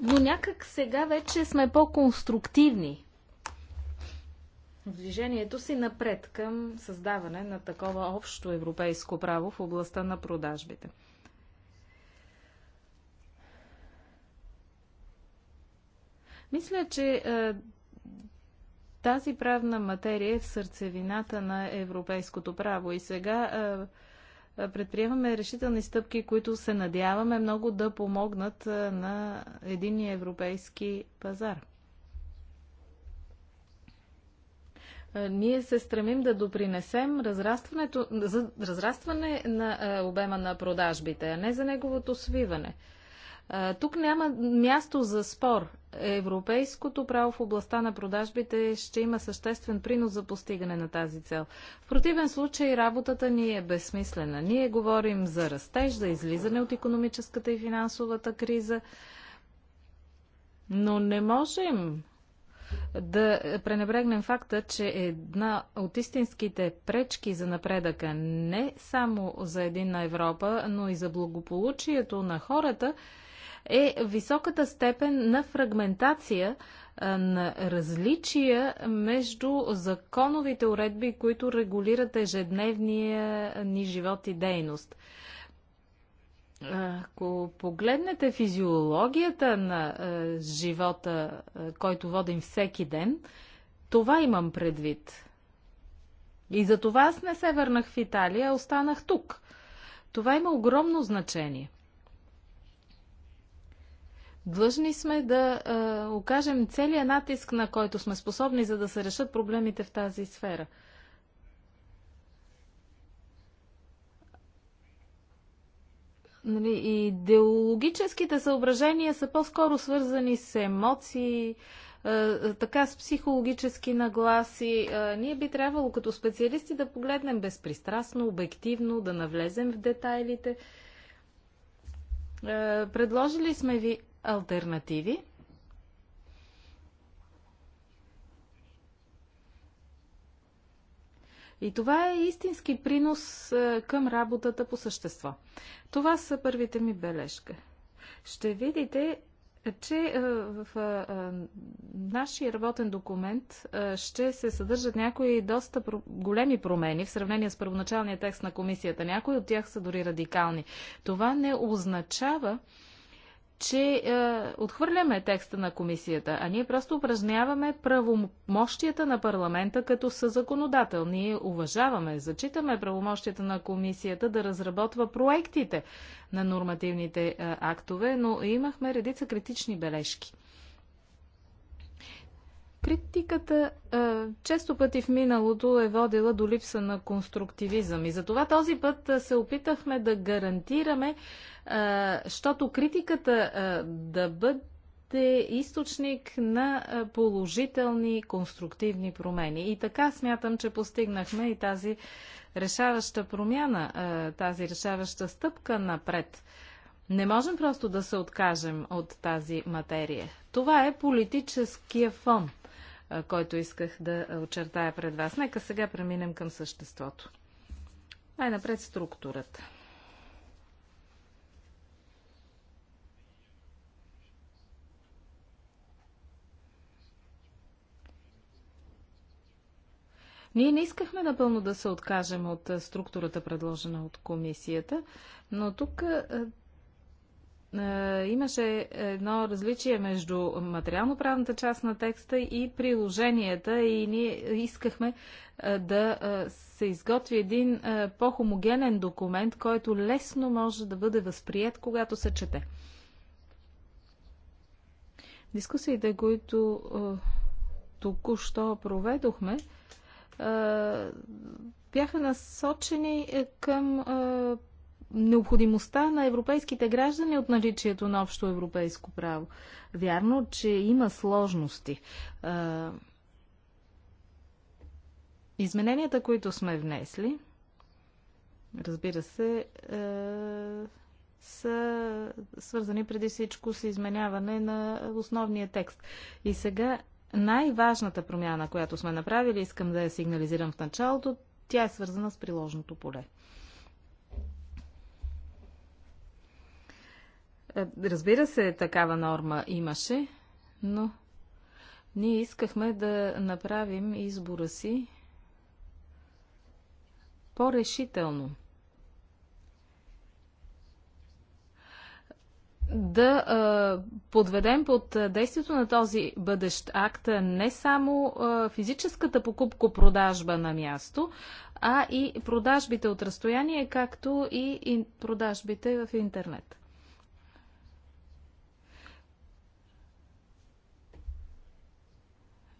Но някак сега вече сме по-конструктивни в движението си напред към създаване на такова общо европейско право в областта на продажбите. Мисля, че е, тази правна материя е в сърцевината на европейското право и сега е, е предприемаме решителни стъпки, които се надяваме много да помогнат е, на единния европейски пазар. Е, ние се стремим да допринесем разрастването, за разрастване на е, обема на продажбите, а не за неговото свиване. Е, тук няма място за спор. Европейското право в областта на продажбите ще има съществен принос за постигане на тази цел. В противен случай работата ни е безсмислена. Ние говорим за растеж, за излизане от економическата и финансовата криза, но не можем да пренебрегнем факта, че една от истинските пречки за напредъка не само за единна Европа, но и за благополучието на хората е високата степен на фрагментация на различия между законовите уредби, които регулират ежедневния ни живот и дейност. Ако погледнете физиологията на е, живота, е, който водим всеки ден, това имам предвид. И за това аз не се върнах в Италия, а останах тук. Това има огромно значение. Длъжни сме да е, окажем целият натиск, на който сме способни, за да се решат проблемите в тази сфера – Нали, идеологическите съображения са по-скоро свързани с емоции, е, е, така с психологически нагласи. Е, ние би трябвало като специалисти да погледнем безпристрастно, обективно, да навлезем в детайлите. Предложили сме ви альтернативи, И това е истински принос е, към работата по същество. Това са първите ми бележки. Ще видите, е, че е, в нашия работен документ ще се съдържат някои доста големи промени в сравнение с първоначалния текст на комисията. Някои от тях са дори радикални. Това не означава, че е, отхвърляме текста на комисията, а ние просто упражняваме правомощията на парламента като съзаконодател. Ние уважаваме, зачитаме правомощията на комисията да разработва проектите на нормативните е, актове, но имахме редица критични бележки. Критиката а, е, често пъти в миналото е водила до липса на конструктивизъм и затова този път е, се опитахме да гарантираме, защото е, критиката а, да бъде източник на положителни конструктивни промени. И така смятам, че постигнахме и тази решаваща промяна, тази решаваща стъпка напред. Не можем просто да се откажем от тази материя. Това е политическия фон който исках да очертая пред вас. Нека сега преминем към съществото. Най-напред структурата. Ние не искахме напълно да се откажем от структурата, предложена от комисията, но тук е, имаше едно различие между материално-правната част на текста и приложенията и ние искахме е, да е, се изготви един по-хомогенен документ, който лесно може да бъде възприят, когато се чете. Дискусиите, които току-що проведохме, бяха насочени към необходимостта на европейските граждани от наличието на общо европейско право. Вярно, че има сложности. Измененията, които сме внесли, разбира се, са свързани преди всичко с изменяване на основния текст. И сега най-важната промяна, която сме направили, искам да я сигнализирам в началото, тя е свързана с приложното поле. Е, разбира се, такава норма имаше, но ние искахме да направим избора си по-решително. да а, е, подведем под действието на този бъдещ акт не само а, е, физическата покупко-продажба на място, а и продажбите от разстояние, както и продажбите в интернет.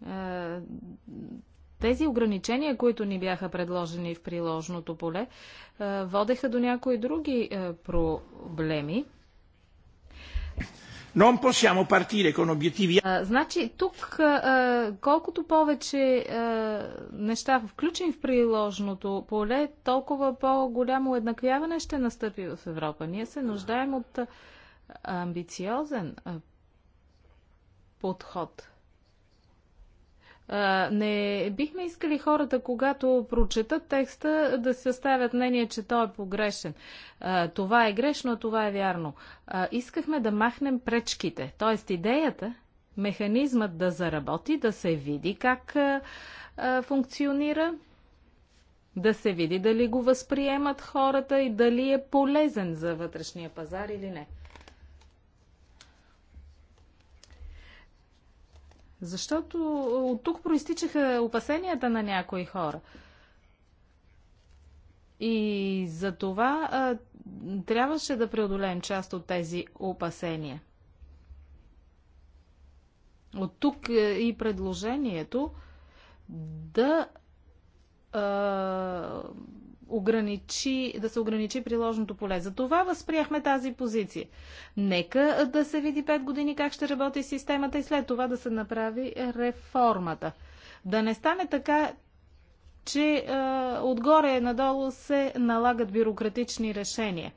Е, тези ограничения, които ни бяха предложени в приложното поле, е, водеха до някои други е, проблеми. Non possiamo partire con obiettivi. А, значи тук а, колкото повече а, неща включим в приложното поле, толкова по-голямо еднаквяване ще настъпи в Европа. Ние се нуждаем от амбициозен а, подход не бихме искали хората, когато прочетат текста, да се оставят мнение, че той е погрешен. Това е грешно, това е вярно. Искахме да махнем пречките. Тоест идеята, механизмът да заработи, да се види как функционира, да се види дали го възприемат хората и дали е полезен за вътрешния пазар или не. Защото от тук проистичаха опасенията на някои хора. И за това а, трябваше да преодолеем част от тези опасения. От тук е, и предложението да а, ограничи, да се ограничи приложното поле. За това възприехме тази позиция. Нека да се види 5 години как ще работи системата и след това да се направи реформата. Да не стане така, че е, отгоре надолу се налагат бюрократични решения.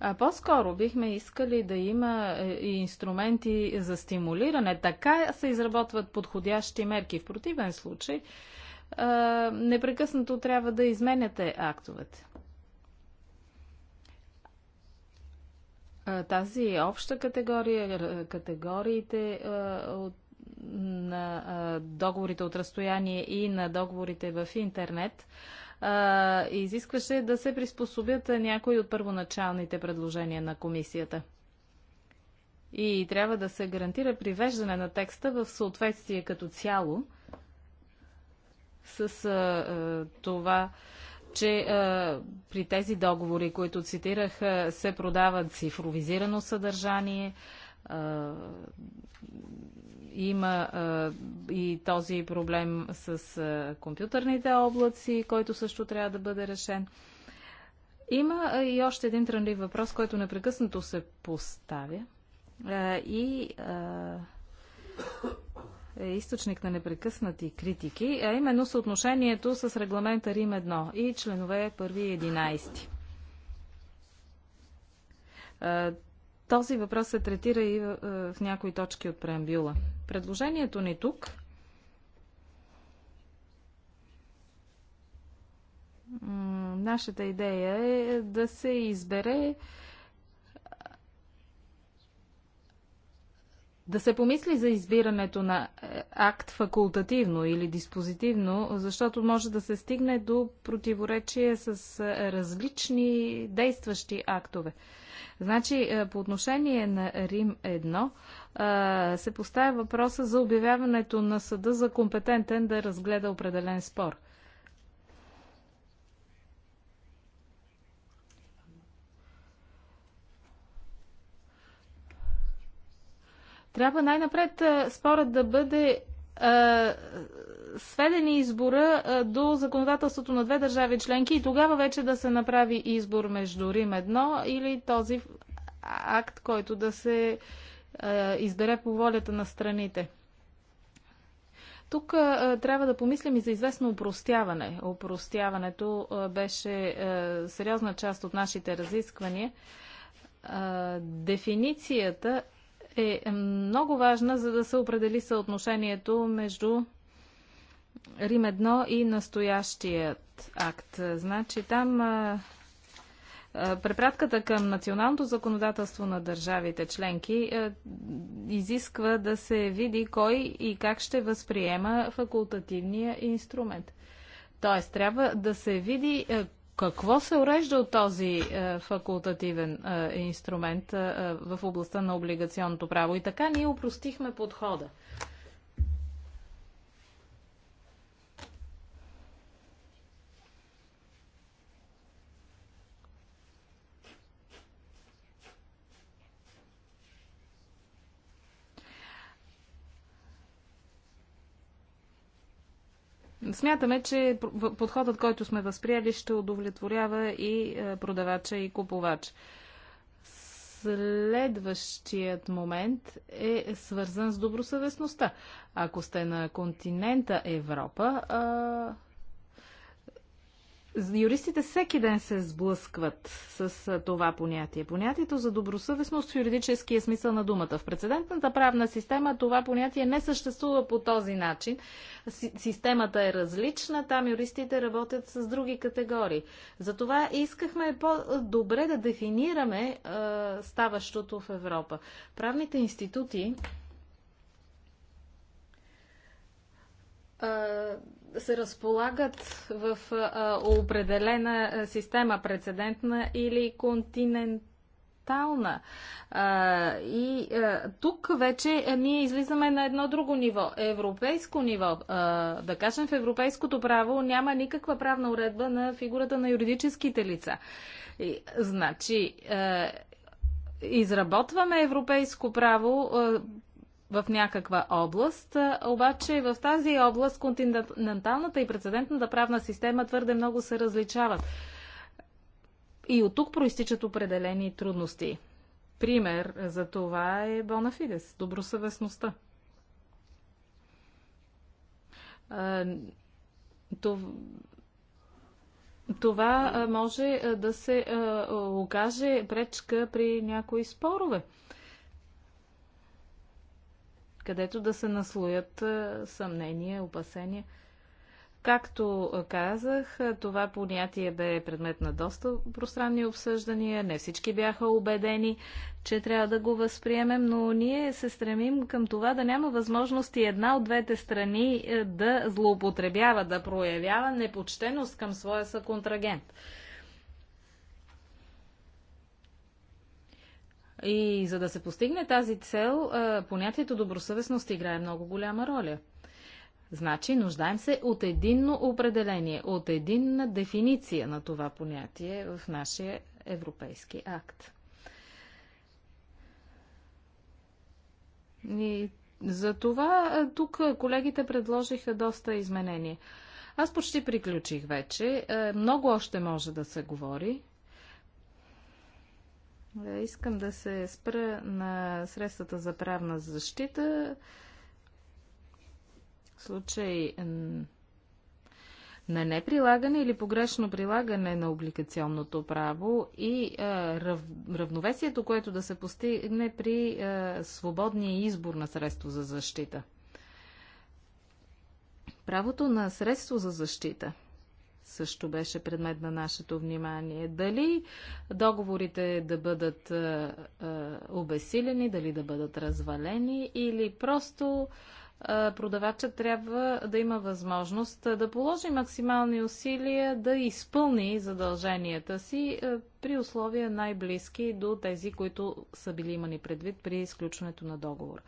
А по-скоро бихме искали да има е, и инструменти за стимулиране. Така се изработват подходящи мерки. В противен случай, непрекъснато трябва да изменяте актовете. Тази обща категория, категориите от на договорите от разстояние и на договорите в интернет, изискваше да се приспособят някои от първоначалните предложения на комисията. И трябва да се гарантира привеждане на текста в съответствие като цяло с а, това, че а, при тези договори, които цитирах, а, се продава цифровизирано съдържание. А, има а, и този проблем с а, компютърните облаци, който също трябва да бъде решен. Има а, и още един трънлив въпрос, който непрекъснато се поставя. А, и а, е източник на непрекъснати критики, а именно съотношението с регламента Рим 1 и членове 1 и 11. Този въпрос се третира и в някои точки от преамбюла. Предложението ни тук нашата идея е да се избере Да се помисли за избирането на е, акт факултативно или диспозитивно, защото може да се стигне до противоречие с е, различни действащи актове. Значи, е, по отношение на Рим 1 се поставя въпроса за обявяването на съда за компетентен да разгледа определен спор. Трябва най-напред спорът да бъде сведени избора до законодателството на две държави членки и тогава вече да се направи избор между Рим едно или този акт, който да се избере по волята на страните. Тук трябва да помислим и за известно упростяване. Упростяването беше сериозна част от нашите разисквания. дефиницията е много важна, за да се определи съотношението между Рим 1 и настоящият акт. Значи там а, а, препратката към националното законодателство на държавите членки а, изисква да се види кой и как ще възприема факултативния инструмент. Тоест, трябва да се види какво се урежда от този е, факултативен е, инструмент е, в областта на облигационното право? И така ние упростихме подхода. Смятаме, че подходът, който сме възприели, ще удовлетворява и е, продавача и купувач. Следващият момент е свързан с добросъвестността. Ако сте на континента Европа, Юристите всеки ден се сблъскват с това понятие. Понятието за добросъвестност в юридическия смисъл на думата. В прецедентната правна система това понятие не съществува по този начин. Системата е различна, там юристите работят с други категории. Затова искахме по-добре да дефинираме е, ставащото в Европа. Правните институти. Е, се разполагат в определена система, прецедентна или континентална А, и а, тук вече ние излизаме на едно друго ниво, европейско ниво. А, да кажем, в европейското право няма никаква правна уредба на фигурата на юридическите лица. И, значи, а, изработваме европейско право а, в някаква област, обаче в тази област континенталната и прецедентната правна система твърде много се различават. И от тук проистичат определени трудности. Пример за това е Бонафидес, добросъвестността. Това може да се окаже пречка при някои спорове където да се наслоят съмнения, опасения. Както казах, това понятие бе предмет на доста пространни обсъждания. Не всички бяха убедени, че трябва да го възприемем, но ние се стремим към това да няма възможности една от двете страни да злоупотребява, да проявява непочтеност към своя съконтрагент. И за да се постигне тази цел, понятието добросъвестност играе много голяма роля. Значи, нуждаем се от единно определение, от единна дефиниция на това понятие в нашия европейски акт. И за това тук колегите предложиха доста изменения. Аз почти приключих вече. Много още може да се говори. Е, искам да се спра на средствата за правна защита. В случай на неприлагане или погрешно прилагане на облигационното право и а, рав, равновесието, което да се постигне при а, свободния избор на средство за защита. Правото на средство за защита – също беше предмет на нашето внимание. Дали договорите да бъдат а, е, а, е, обесилени, дали да бъдат развалени или просто а, е, продавачът трябва да има възможност да положи максимални усилия да изпълни задълженията си при условия най-близки до тези, които са били имани предвид при изключването на договор.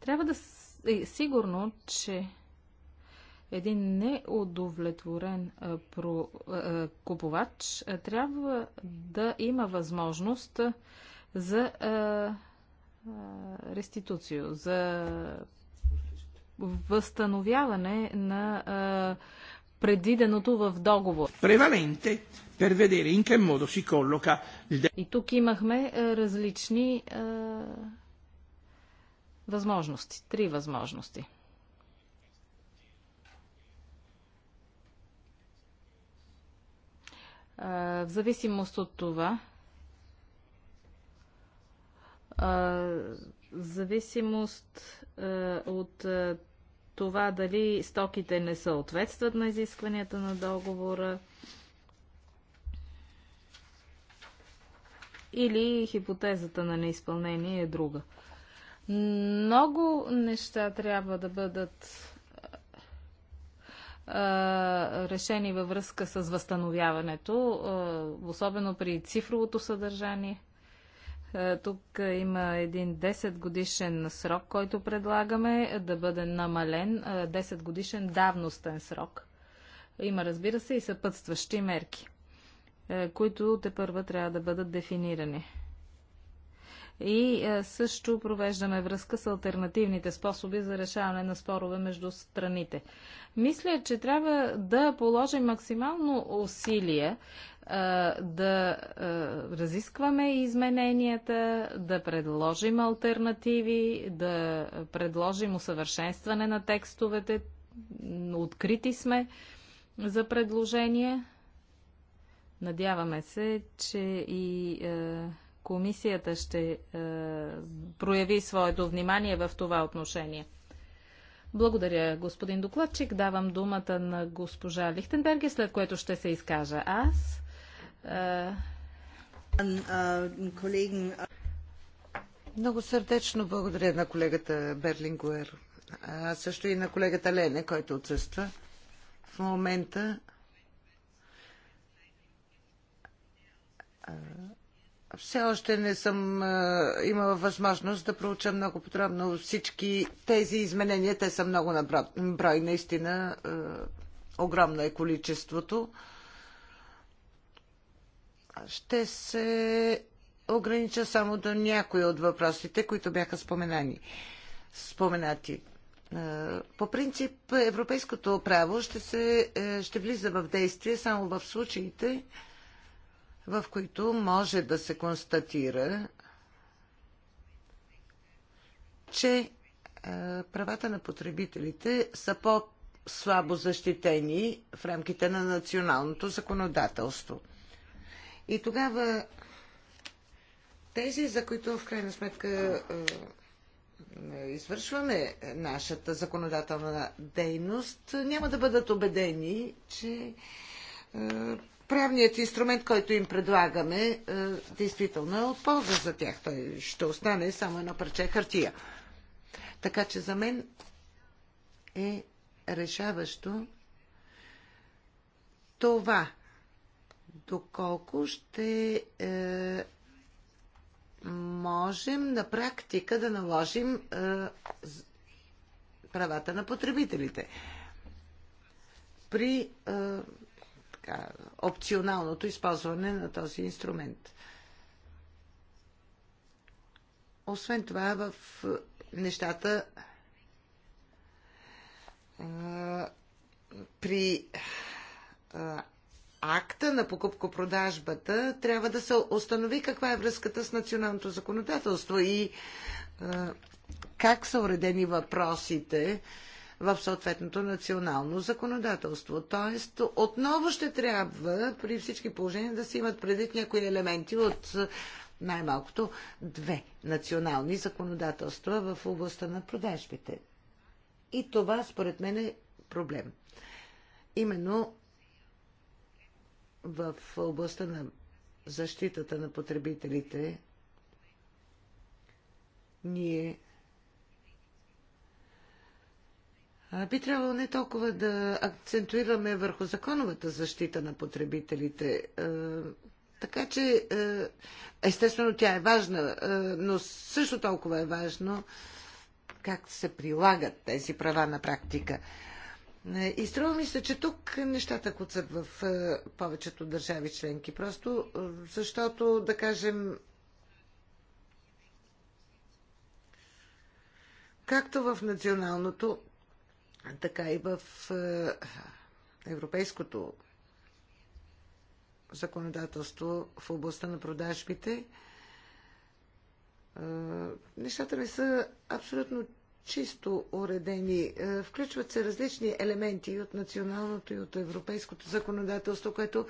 Трябва да е сигурно, че един неудовлетворен купувач трябва да има възможност за реституцио, за възстановяване на предвиденото в договор. Преваленте per vedere in che modo si colloca il... И тук имахме различни Възможности. Три възможности. В зависимост от това, в зависимост от това дали стоките не съответстват на изискванията на договора, или хипотезата на неизпълнение е друга. Много неща трябва да бъдат решени във връзка с възстановяването, особено при цифровото съдържание. Тук има един 10 годишен срок, който предлагаме да бъде намален, 10 годишен давностен срок. Има, разбира се, и съпътстващи мерки, които те първа трябва да бъдат дефинирани. И е, също провеждаме връзка с альтернативните способи за решаване на спорове между страните. Мисля, че трябва да положим максимално усилие е, да е, разискваме измененията, да предложим альтернативи, да предложим усъвършенстване на текстовете. Открити сме за предложения. Надяваме се, че и комисията ще е, прояви своето внимание в това отношение. Благодаря, господин докладчик. Давам думата на госпожа Лихтенберге, след което ще се изкажа аз. Е... Много сърдечно благодаря на колегата Берлингуер, а също и на колегата Лене, който отсъства в момента. Все още не съм имала възможност да проуча много подробно всички тези изменения. Те са много на брой. Наистина огромно е количеството. Ще се огранича само до някои от въпросите, които бяха споменани. споменати. По принцип, европейското право ще, се, е, ще влиза в действие само в случаите, в които може да се констатира, че е, правата на потребителите са по-слабо защитени в рамките на националното законодателство. И тогава тези, за които в крайна сметка е, извършваме нашата законодателна дейност, няма да бъдат убедени, че е, правният инструмент, който им предлагаме, е, действително е от полза за тях. Той ще остане само едно парче хартия. Така че за мен е решаващо това, доколко ще е, можем на практика да наложим е, правата на потребителите. При е, така, опционалното използване на този инструмент. Освен това, в нещата при акта на покупко-продажбата трябва да се установи каква е връзката с националното законодателство и как са уредени въпросите в съответното национално законодателство. Тоест, отново ще трябва при всички положения да се имат предвид някои елементи от най-малкото две национални законодателства в областта на продажбите. И това, според мен, е проблем. Именно в областта на защитата на потребителите ние Би трябвало не толкова да акцентуираме върху законовата защита на потребителите. Така че, естествено, тя е важна, но също толкова е важно как се прилагат тези права на практика. И струва ми се, че тук нещата куцат в повечето държави членки. Просто защото, да кажем, както в националното, така и в е, европейското законодателство в областта на продажбите, е, нещата не са абсолютно чисто уредени. Е, включват се различни елементи от националното, и от европейското законодателство, което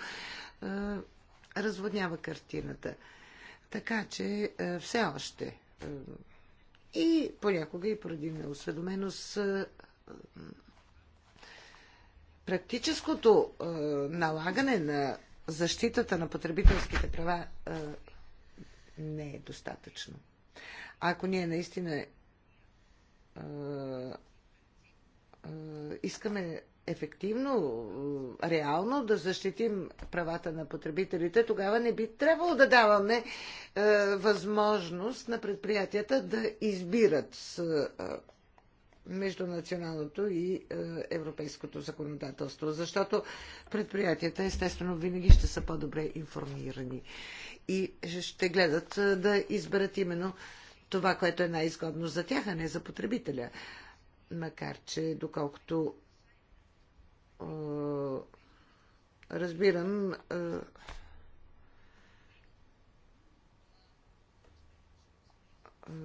разводнява картината. Така че все още и понякога и поради неосведоменост практическото а, налагане на защитата на потребителските права а, не е достатъчно. Ако ние наистина а, а, искаме ефективно, реално да защитим правата на потребителите, тогава не би трябвало да даваме е, възможност на предприятията да избират с, е, между националното и е, европейското законодателство, защото предприятията естествено винаги ще са по-добре информирани и ще гледат е, да изберат именно това, което е най-изгодно за тях, а не за потребителя. Макар, че доколкото е, разбирам,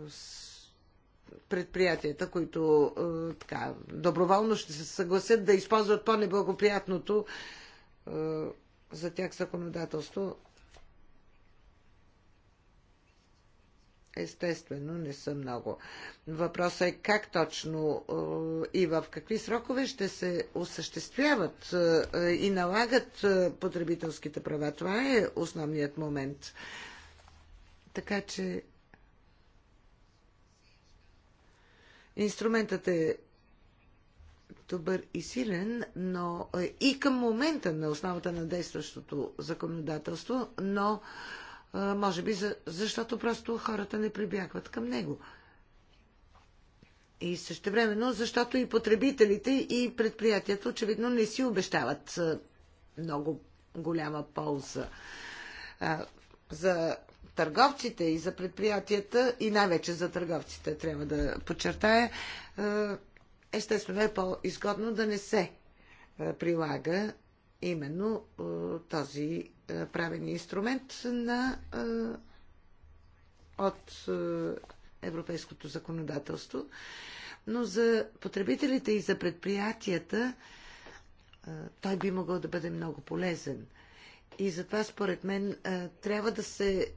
с предприятията, които е, така, доброволно ще се съгласят да използват по-неблагоприятното е, за тях законодателство. Естествено, не са много. Въпросът е как точно е, и в какви срокове ще се осъществяват и налагат потребителските права. Това е основният момент. Така че Инструментът е добър и силен, но е, и към момента на основата на действащото законодателство, но е, може би за, защото просто хората не прибягват към него. И същевременно, защото и потребителите и предприятията очевидно не си обещават е, много голяма полза. За търговците и за предприятията, и най-вече за търговците, трябва да подчертая, е, естествено е по-изгодно да не се е, прилага именно е, този правен инструмент на, от европейското законодателство. Но за потребителите и за предприятията той би могъл да бъде много полезен. И затова, според мен, трябва да се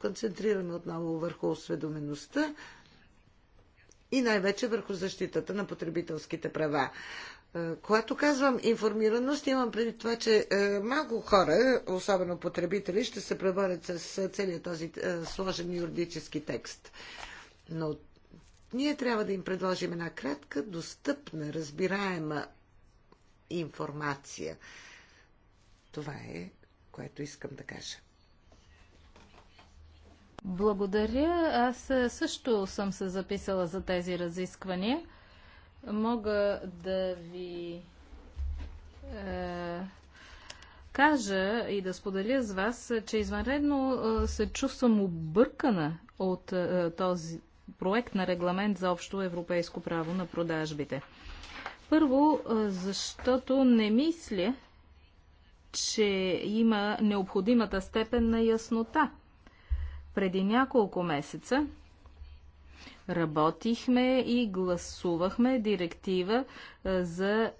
концентрираме отново върху осведомеността и най-вече върху защитата на потребителските права. Е, когато казвам информираност, имам преди това, че е, малко хора, особено потребители, ще се преборят с целият този е, сложен юридически текст. Но ние трябва да им предложим една кратка, достъпна, разбираема информация. Това е, което искам да кажа. Благодаря. Аз също съм се записала за тези разисквания. Мога да ви е, кажа и да споделя с вас, че извънредно е, се чувствам объркана от е, този проект на регламент за общо европейско право на продажбите. Първо, е, защото не мисля, че има необходимата степен на яснота – преди няколко месеца работихме и гласувахме директива за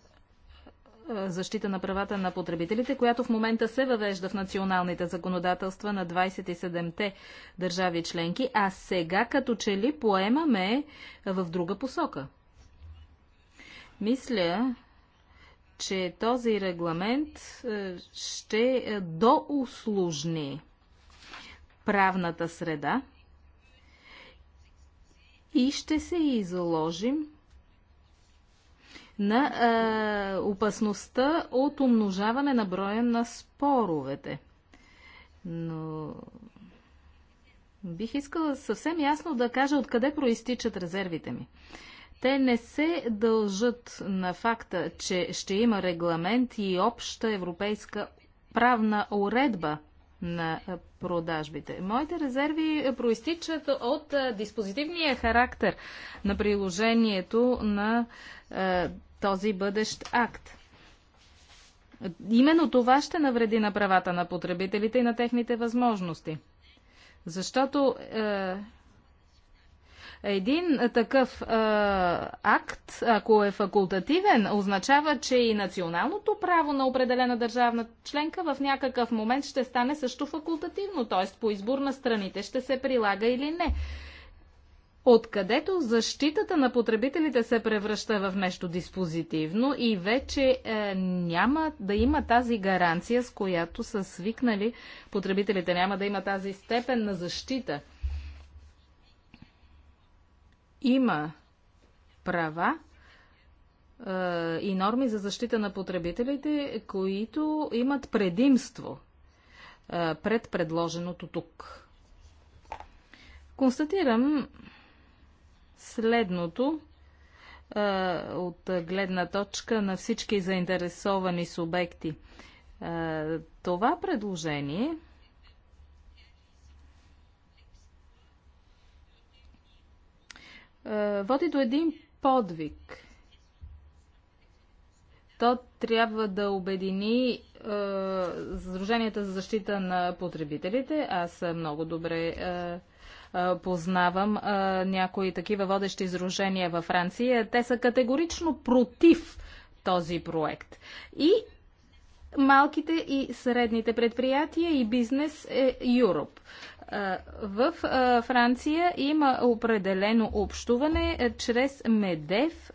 защита на правата на потребителите, която в момента се въвежда в националните законодателства на 27-те държави членки, а сега като че ли поемаме в друга посока. Мисля, че този регламент ще доуслужни правната среда и ще се изложим на е, опасността от умножаване на броя на споровете. Но бих искала съвсем ясно да кажа откъде проистичат резервите ми. Те не се дължат на факта, че ще има регламент и обща европейска правна уредба на продажбите. Моите резерви проистичат от диспозитивния характер на приложението на този бъдещ акт. Именно това ще навреди на правата на потребителите и на техните възможности. Защото е, един такъв а, акт, ако е факултативен, означава, че и националното право на определена държавна членка в някакъв момент ще стане също факултативно, т.е. по избор на страните ще се прилага или не откъдето защитата на потребителите се превръща в нещо диспозитивно и вече е, няма да има тази гаранция, с която са свикнали потребителите, няма да има тази степен на защита има права е, и норми за защита на потребителите, които имат предимство е, пред предложеното тук. Констатирам следното е, от гледна точка на всички заинтересовани субекти. Е, това предложение Е, води до един подвиг. То трябва да обедини е, Сдруженията за защита на потребителите. Аз много добре е, е, познавам е, някои такива водещи изружения във Франция. Те са категорично против този проект. И малките и средните предприятия и бизнес е Europe. В Франция има определено общуване е, чрез Медев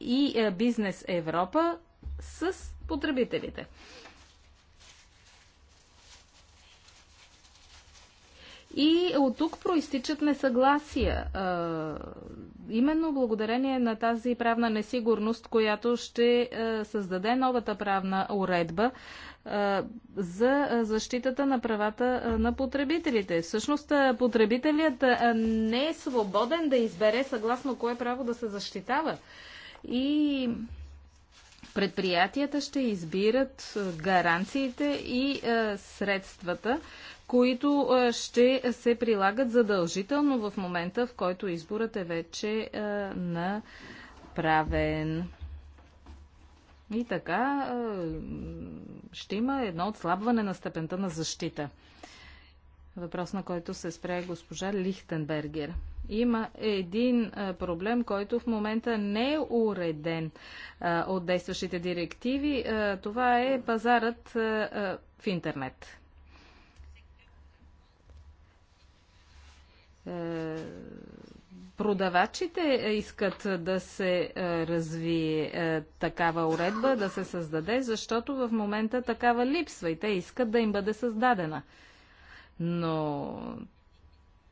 и е, Бизнес Европа с потребителите. И от тук проистичат несъгласия. Именно благодарение на тази правна несигурност, която ще създаде новата правна уредба, за защитата на правата на потребителите. Всъщност потребителят не е свободен да избере съгласно кое право да се защитава. И предприятията ще избират гаранциите и средствата, които ще се прилагат задължително в момента, в който изборът е вече направен. И така ще има едно отслабване на степента на защита. Въпрос, на който се спря госпожа Лихтенбергер. Има един проблем, който в момента не е уреден от действащите директиви. това е пазарът в интернет. Продавачите е, искат е, да се е, развие такава уредба, да се създаде, защото в момента такава липсва и те искат да им бъде създадена. Но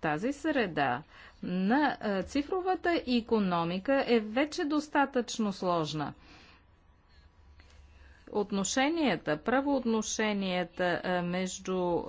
тази среда на цифровата економика е вече достатъчно сложна отношенията, правоотношенията между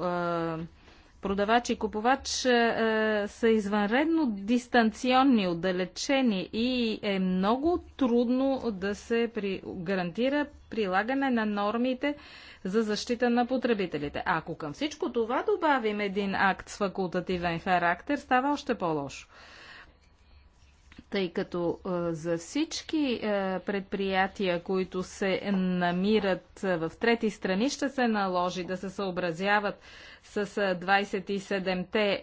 продавач и купувач е, е, са извънредно дистанционни, отдалечени и е много трудно да се при... гарантира прилагане на нормите за защита на потребителите. Ако към всичко това добавим един акт с факултативен характер, става още по-лошо тъй като за всички предприятия, които се намират в трети страни, ще се наложи да се съобразяват с 27-те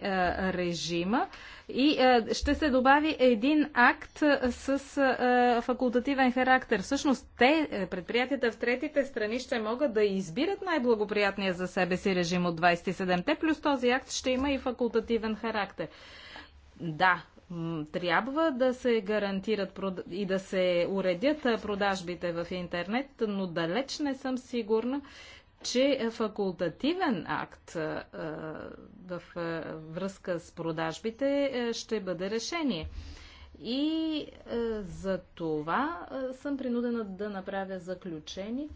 режима и ще се добави един акт с факултативен характер. Всъщност, те, предприятията в третите страни, ще могат да избират най-благоприятния за себе си режим от 27-те, плюс този акт ще има и факултативен характер. Да, трябва да се гарантират и да се уредят продажбите в интернет, но далеч не съм сигурна, че факултативен акт в връзка с продажбите ще бъде решение. И за това съм принудена да направя заключение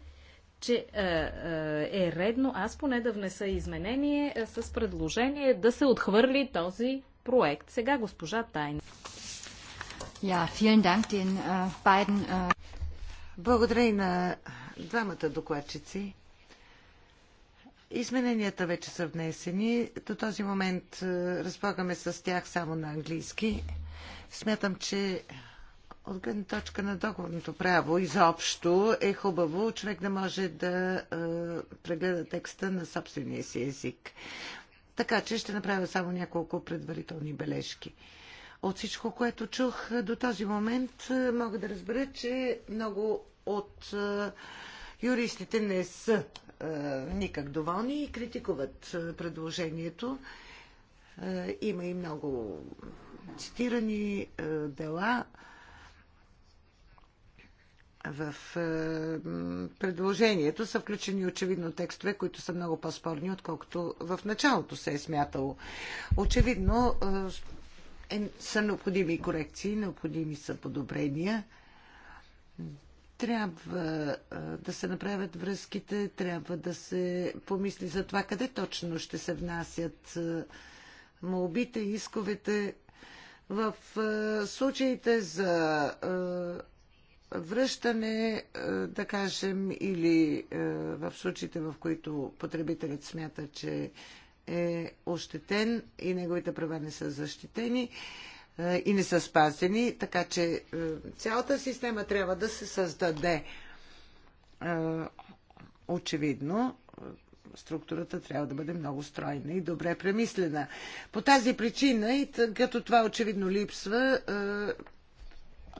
че е, редно аз поне да внеса изменение с предложение да се отхвърли този проект. Сега госпожа Тайн. Ja, Dank den, uh, beiden, uh... Благодаря и на двамата докладчици. Измененията вече са внесени. До този момент э, разполагаме с тях само на английски. Смятам, че от гледна точка на договорното право изобщо е хубаво човек да може да е, прегледа текста на собствения си език. Така че ще направя само няколко предварителни бележки. От всичко, което чух до този момент, е, мога да разбера, че много от е, юристите не са е, никак доволни и критикуват предложението. Има и много цитирани дела в е, предложението са включени очевидно текстове, които са много по-спорни, отколкото в началото се е смятало. Очевидно е, е са необходими корекции, необходими са подобрения. Трябва е, да се направят връзките, трябва да се помисли за това къде точно ще се внасят молбите, исковете. В случаите за връщане, е, да кажем, или е, в случаите, в които потребителят смята, че е ощетен и неговите права не са защитени е, и не са спазени, така че цялата система трябва да се създаде. Очевидно, структурата трябва да бъде много стройна и добре премислена. По тази причина, и като това очевидно липсва,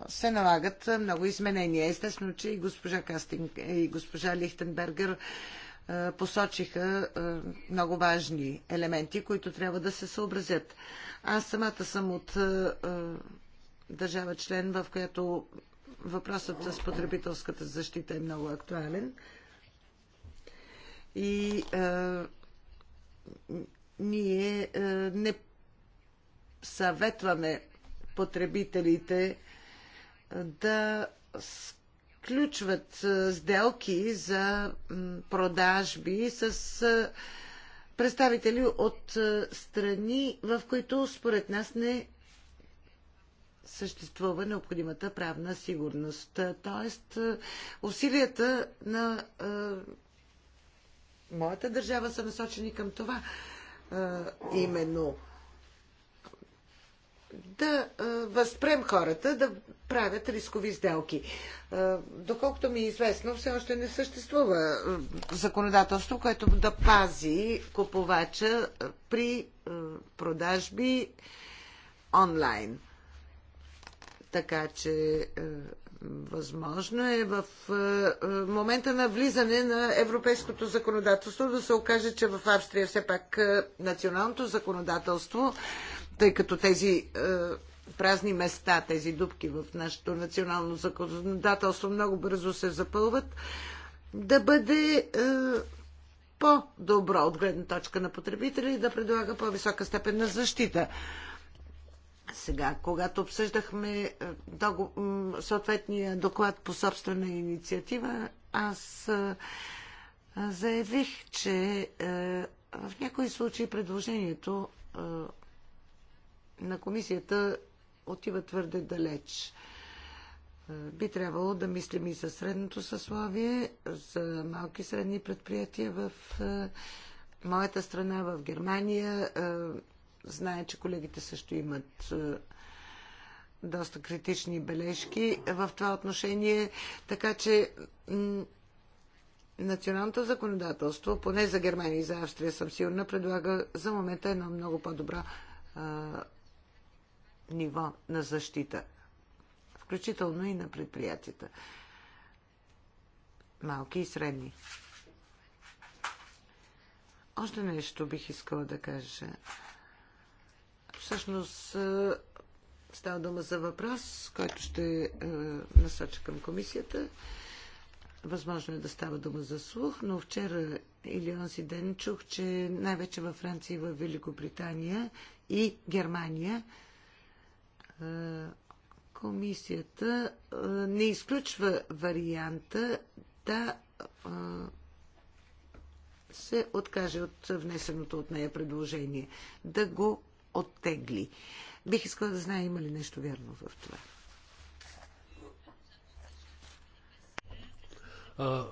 се налагат много изменения. Естествено, че и госпожа Кастинг и госпожа Лихтенбергер е, посочиха е, много важни елементи, които трябва да се съобразят. Аз самата съм от е, държава член, в която въпросът с потребителската защита е много актуален. И е, ние е, не съветваме потребителите да сключват сделки за продажби с представители от страни, в които според нас не съществува необходимата правна сигурност. Тоест, усилията на моята държава са насочени към това именно да възпрем хората да правят рискови сделки. Доколкото ми е известно, все още не съществува законодателство, което да пази купувача при продажби онлайн. Така че възможно е в момента на влизане на европейското законодателство да се окаже, че в Австрия все пак националното законодателство тъй като тези е, празни места, тези дубки в нашето национално законодателство много бързо се запълват, да бъде е, по-добро от гледна точка на потребителя и да предлага по-висока степен на защита. Сега, когато обсъждахме е, съответния доклад по собствена инициатива, аз е, заявих, че е, в някои случаи предложението на комисията отива твърде далеч. Е, би трябвало да мислим и за средното съсловие, за малки и средни предприятия в е, моята страна, в Германия. Е, Зная, че колегите също имат доста критични бележки в това отношение, така че националното законодателство, поне за Германия и за Австрия съм сигурна, предлага за момента едно много по-добро ниво на защита, включително и на предприятията. Малки и средни. Още нещо бих искала да кажа. Всъщност е, става дума за въпрос, който ще е, насоча към комисията. Възможно е да става дума за слух, но вчера или онзи ден чух, че най-вече във Франция и в Великобритания и Германия – Комисията не изключва варианта да се откаже от внесеното от нея предложение, да го оттегли. Бих искала да знае има ли нещо вярно в това. А,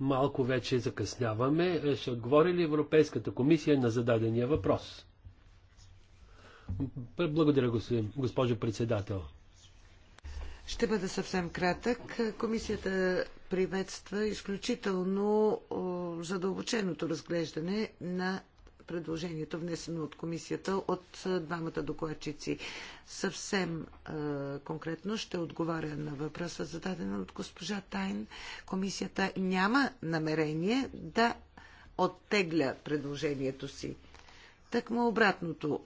малко вече закъсняваме. Ще отговори ли Европейската комисия на зададения въпрос? Благодаря, госпожо председател. Ще бъда съвсем кратък. Комисията приветства изключително задълбоченото разглеждане на предложението, внесено от комисията от е, двамата докладчици. Съвсем е, конкретно ще отговаря на въпроса, зададен от госпожа Тайн. Комисията няма намерение да оттегля предложението си. Так му обратното.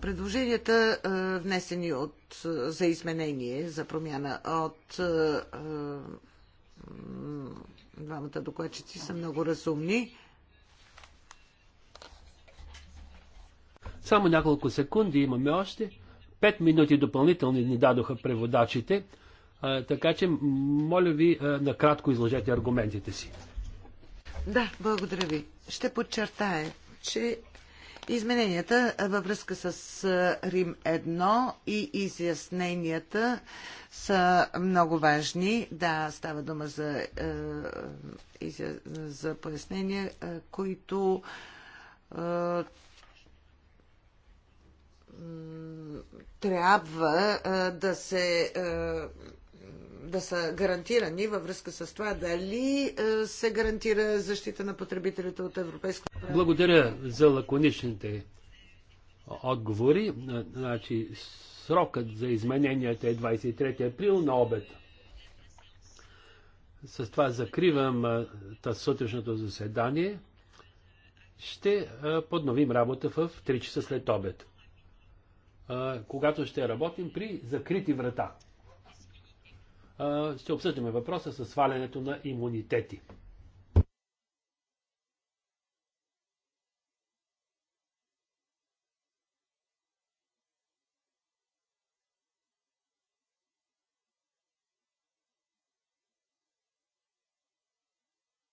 Предложенията, внесени от, за изменение, за промяна от двамата докладчици, са много разумни. Само няколко секунди имаме още. Пет минути допълнителни ни дадоха преводачите, така че моля ви накратко изложете аргументите си. Да, благодаря ви. Ще подчертая, че Измененията във връзка с Рим 1 и изясненията са много важни. Да, става дума за, за пояснения, които трябва да се да са гарантирани във връзка с това дали е, се гарантира защита на потребителите от европейско право. Благодаря за лаконичните отговори. Е, значи, срокът за измененията е 23 април на обед. С това закривам е, сутрешното заседание. Ще подновим работа в 3 часа след обед, когато ще работим при закрити врата ще обсъждаме въпроса с свалянето на имунитети.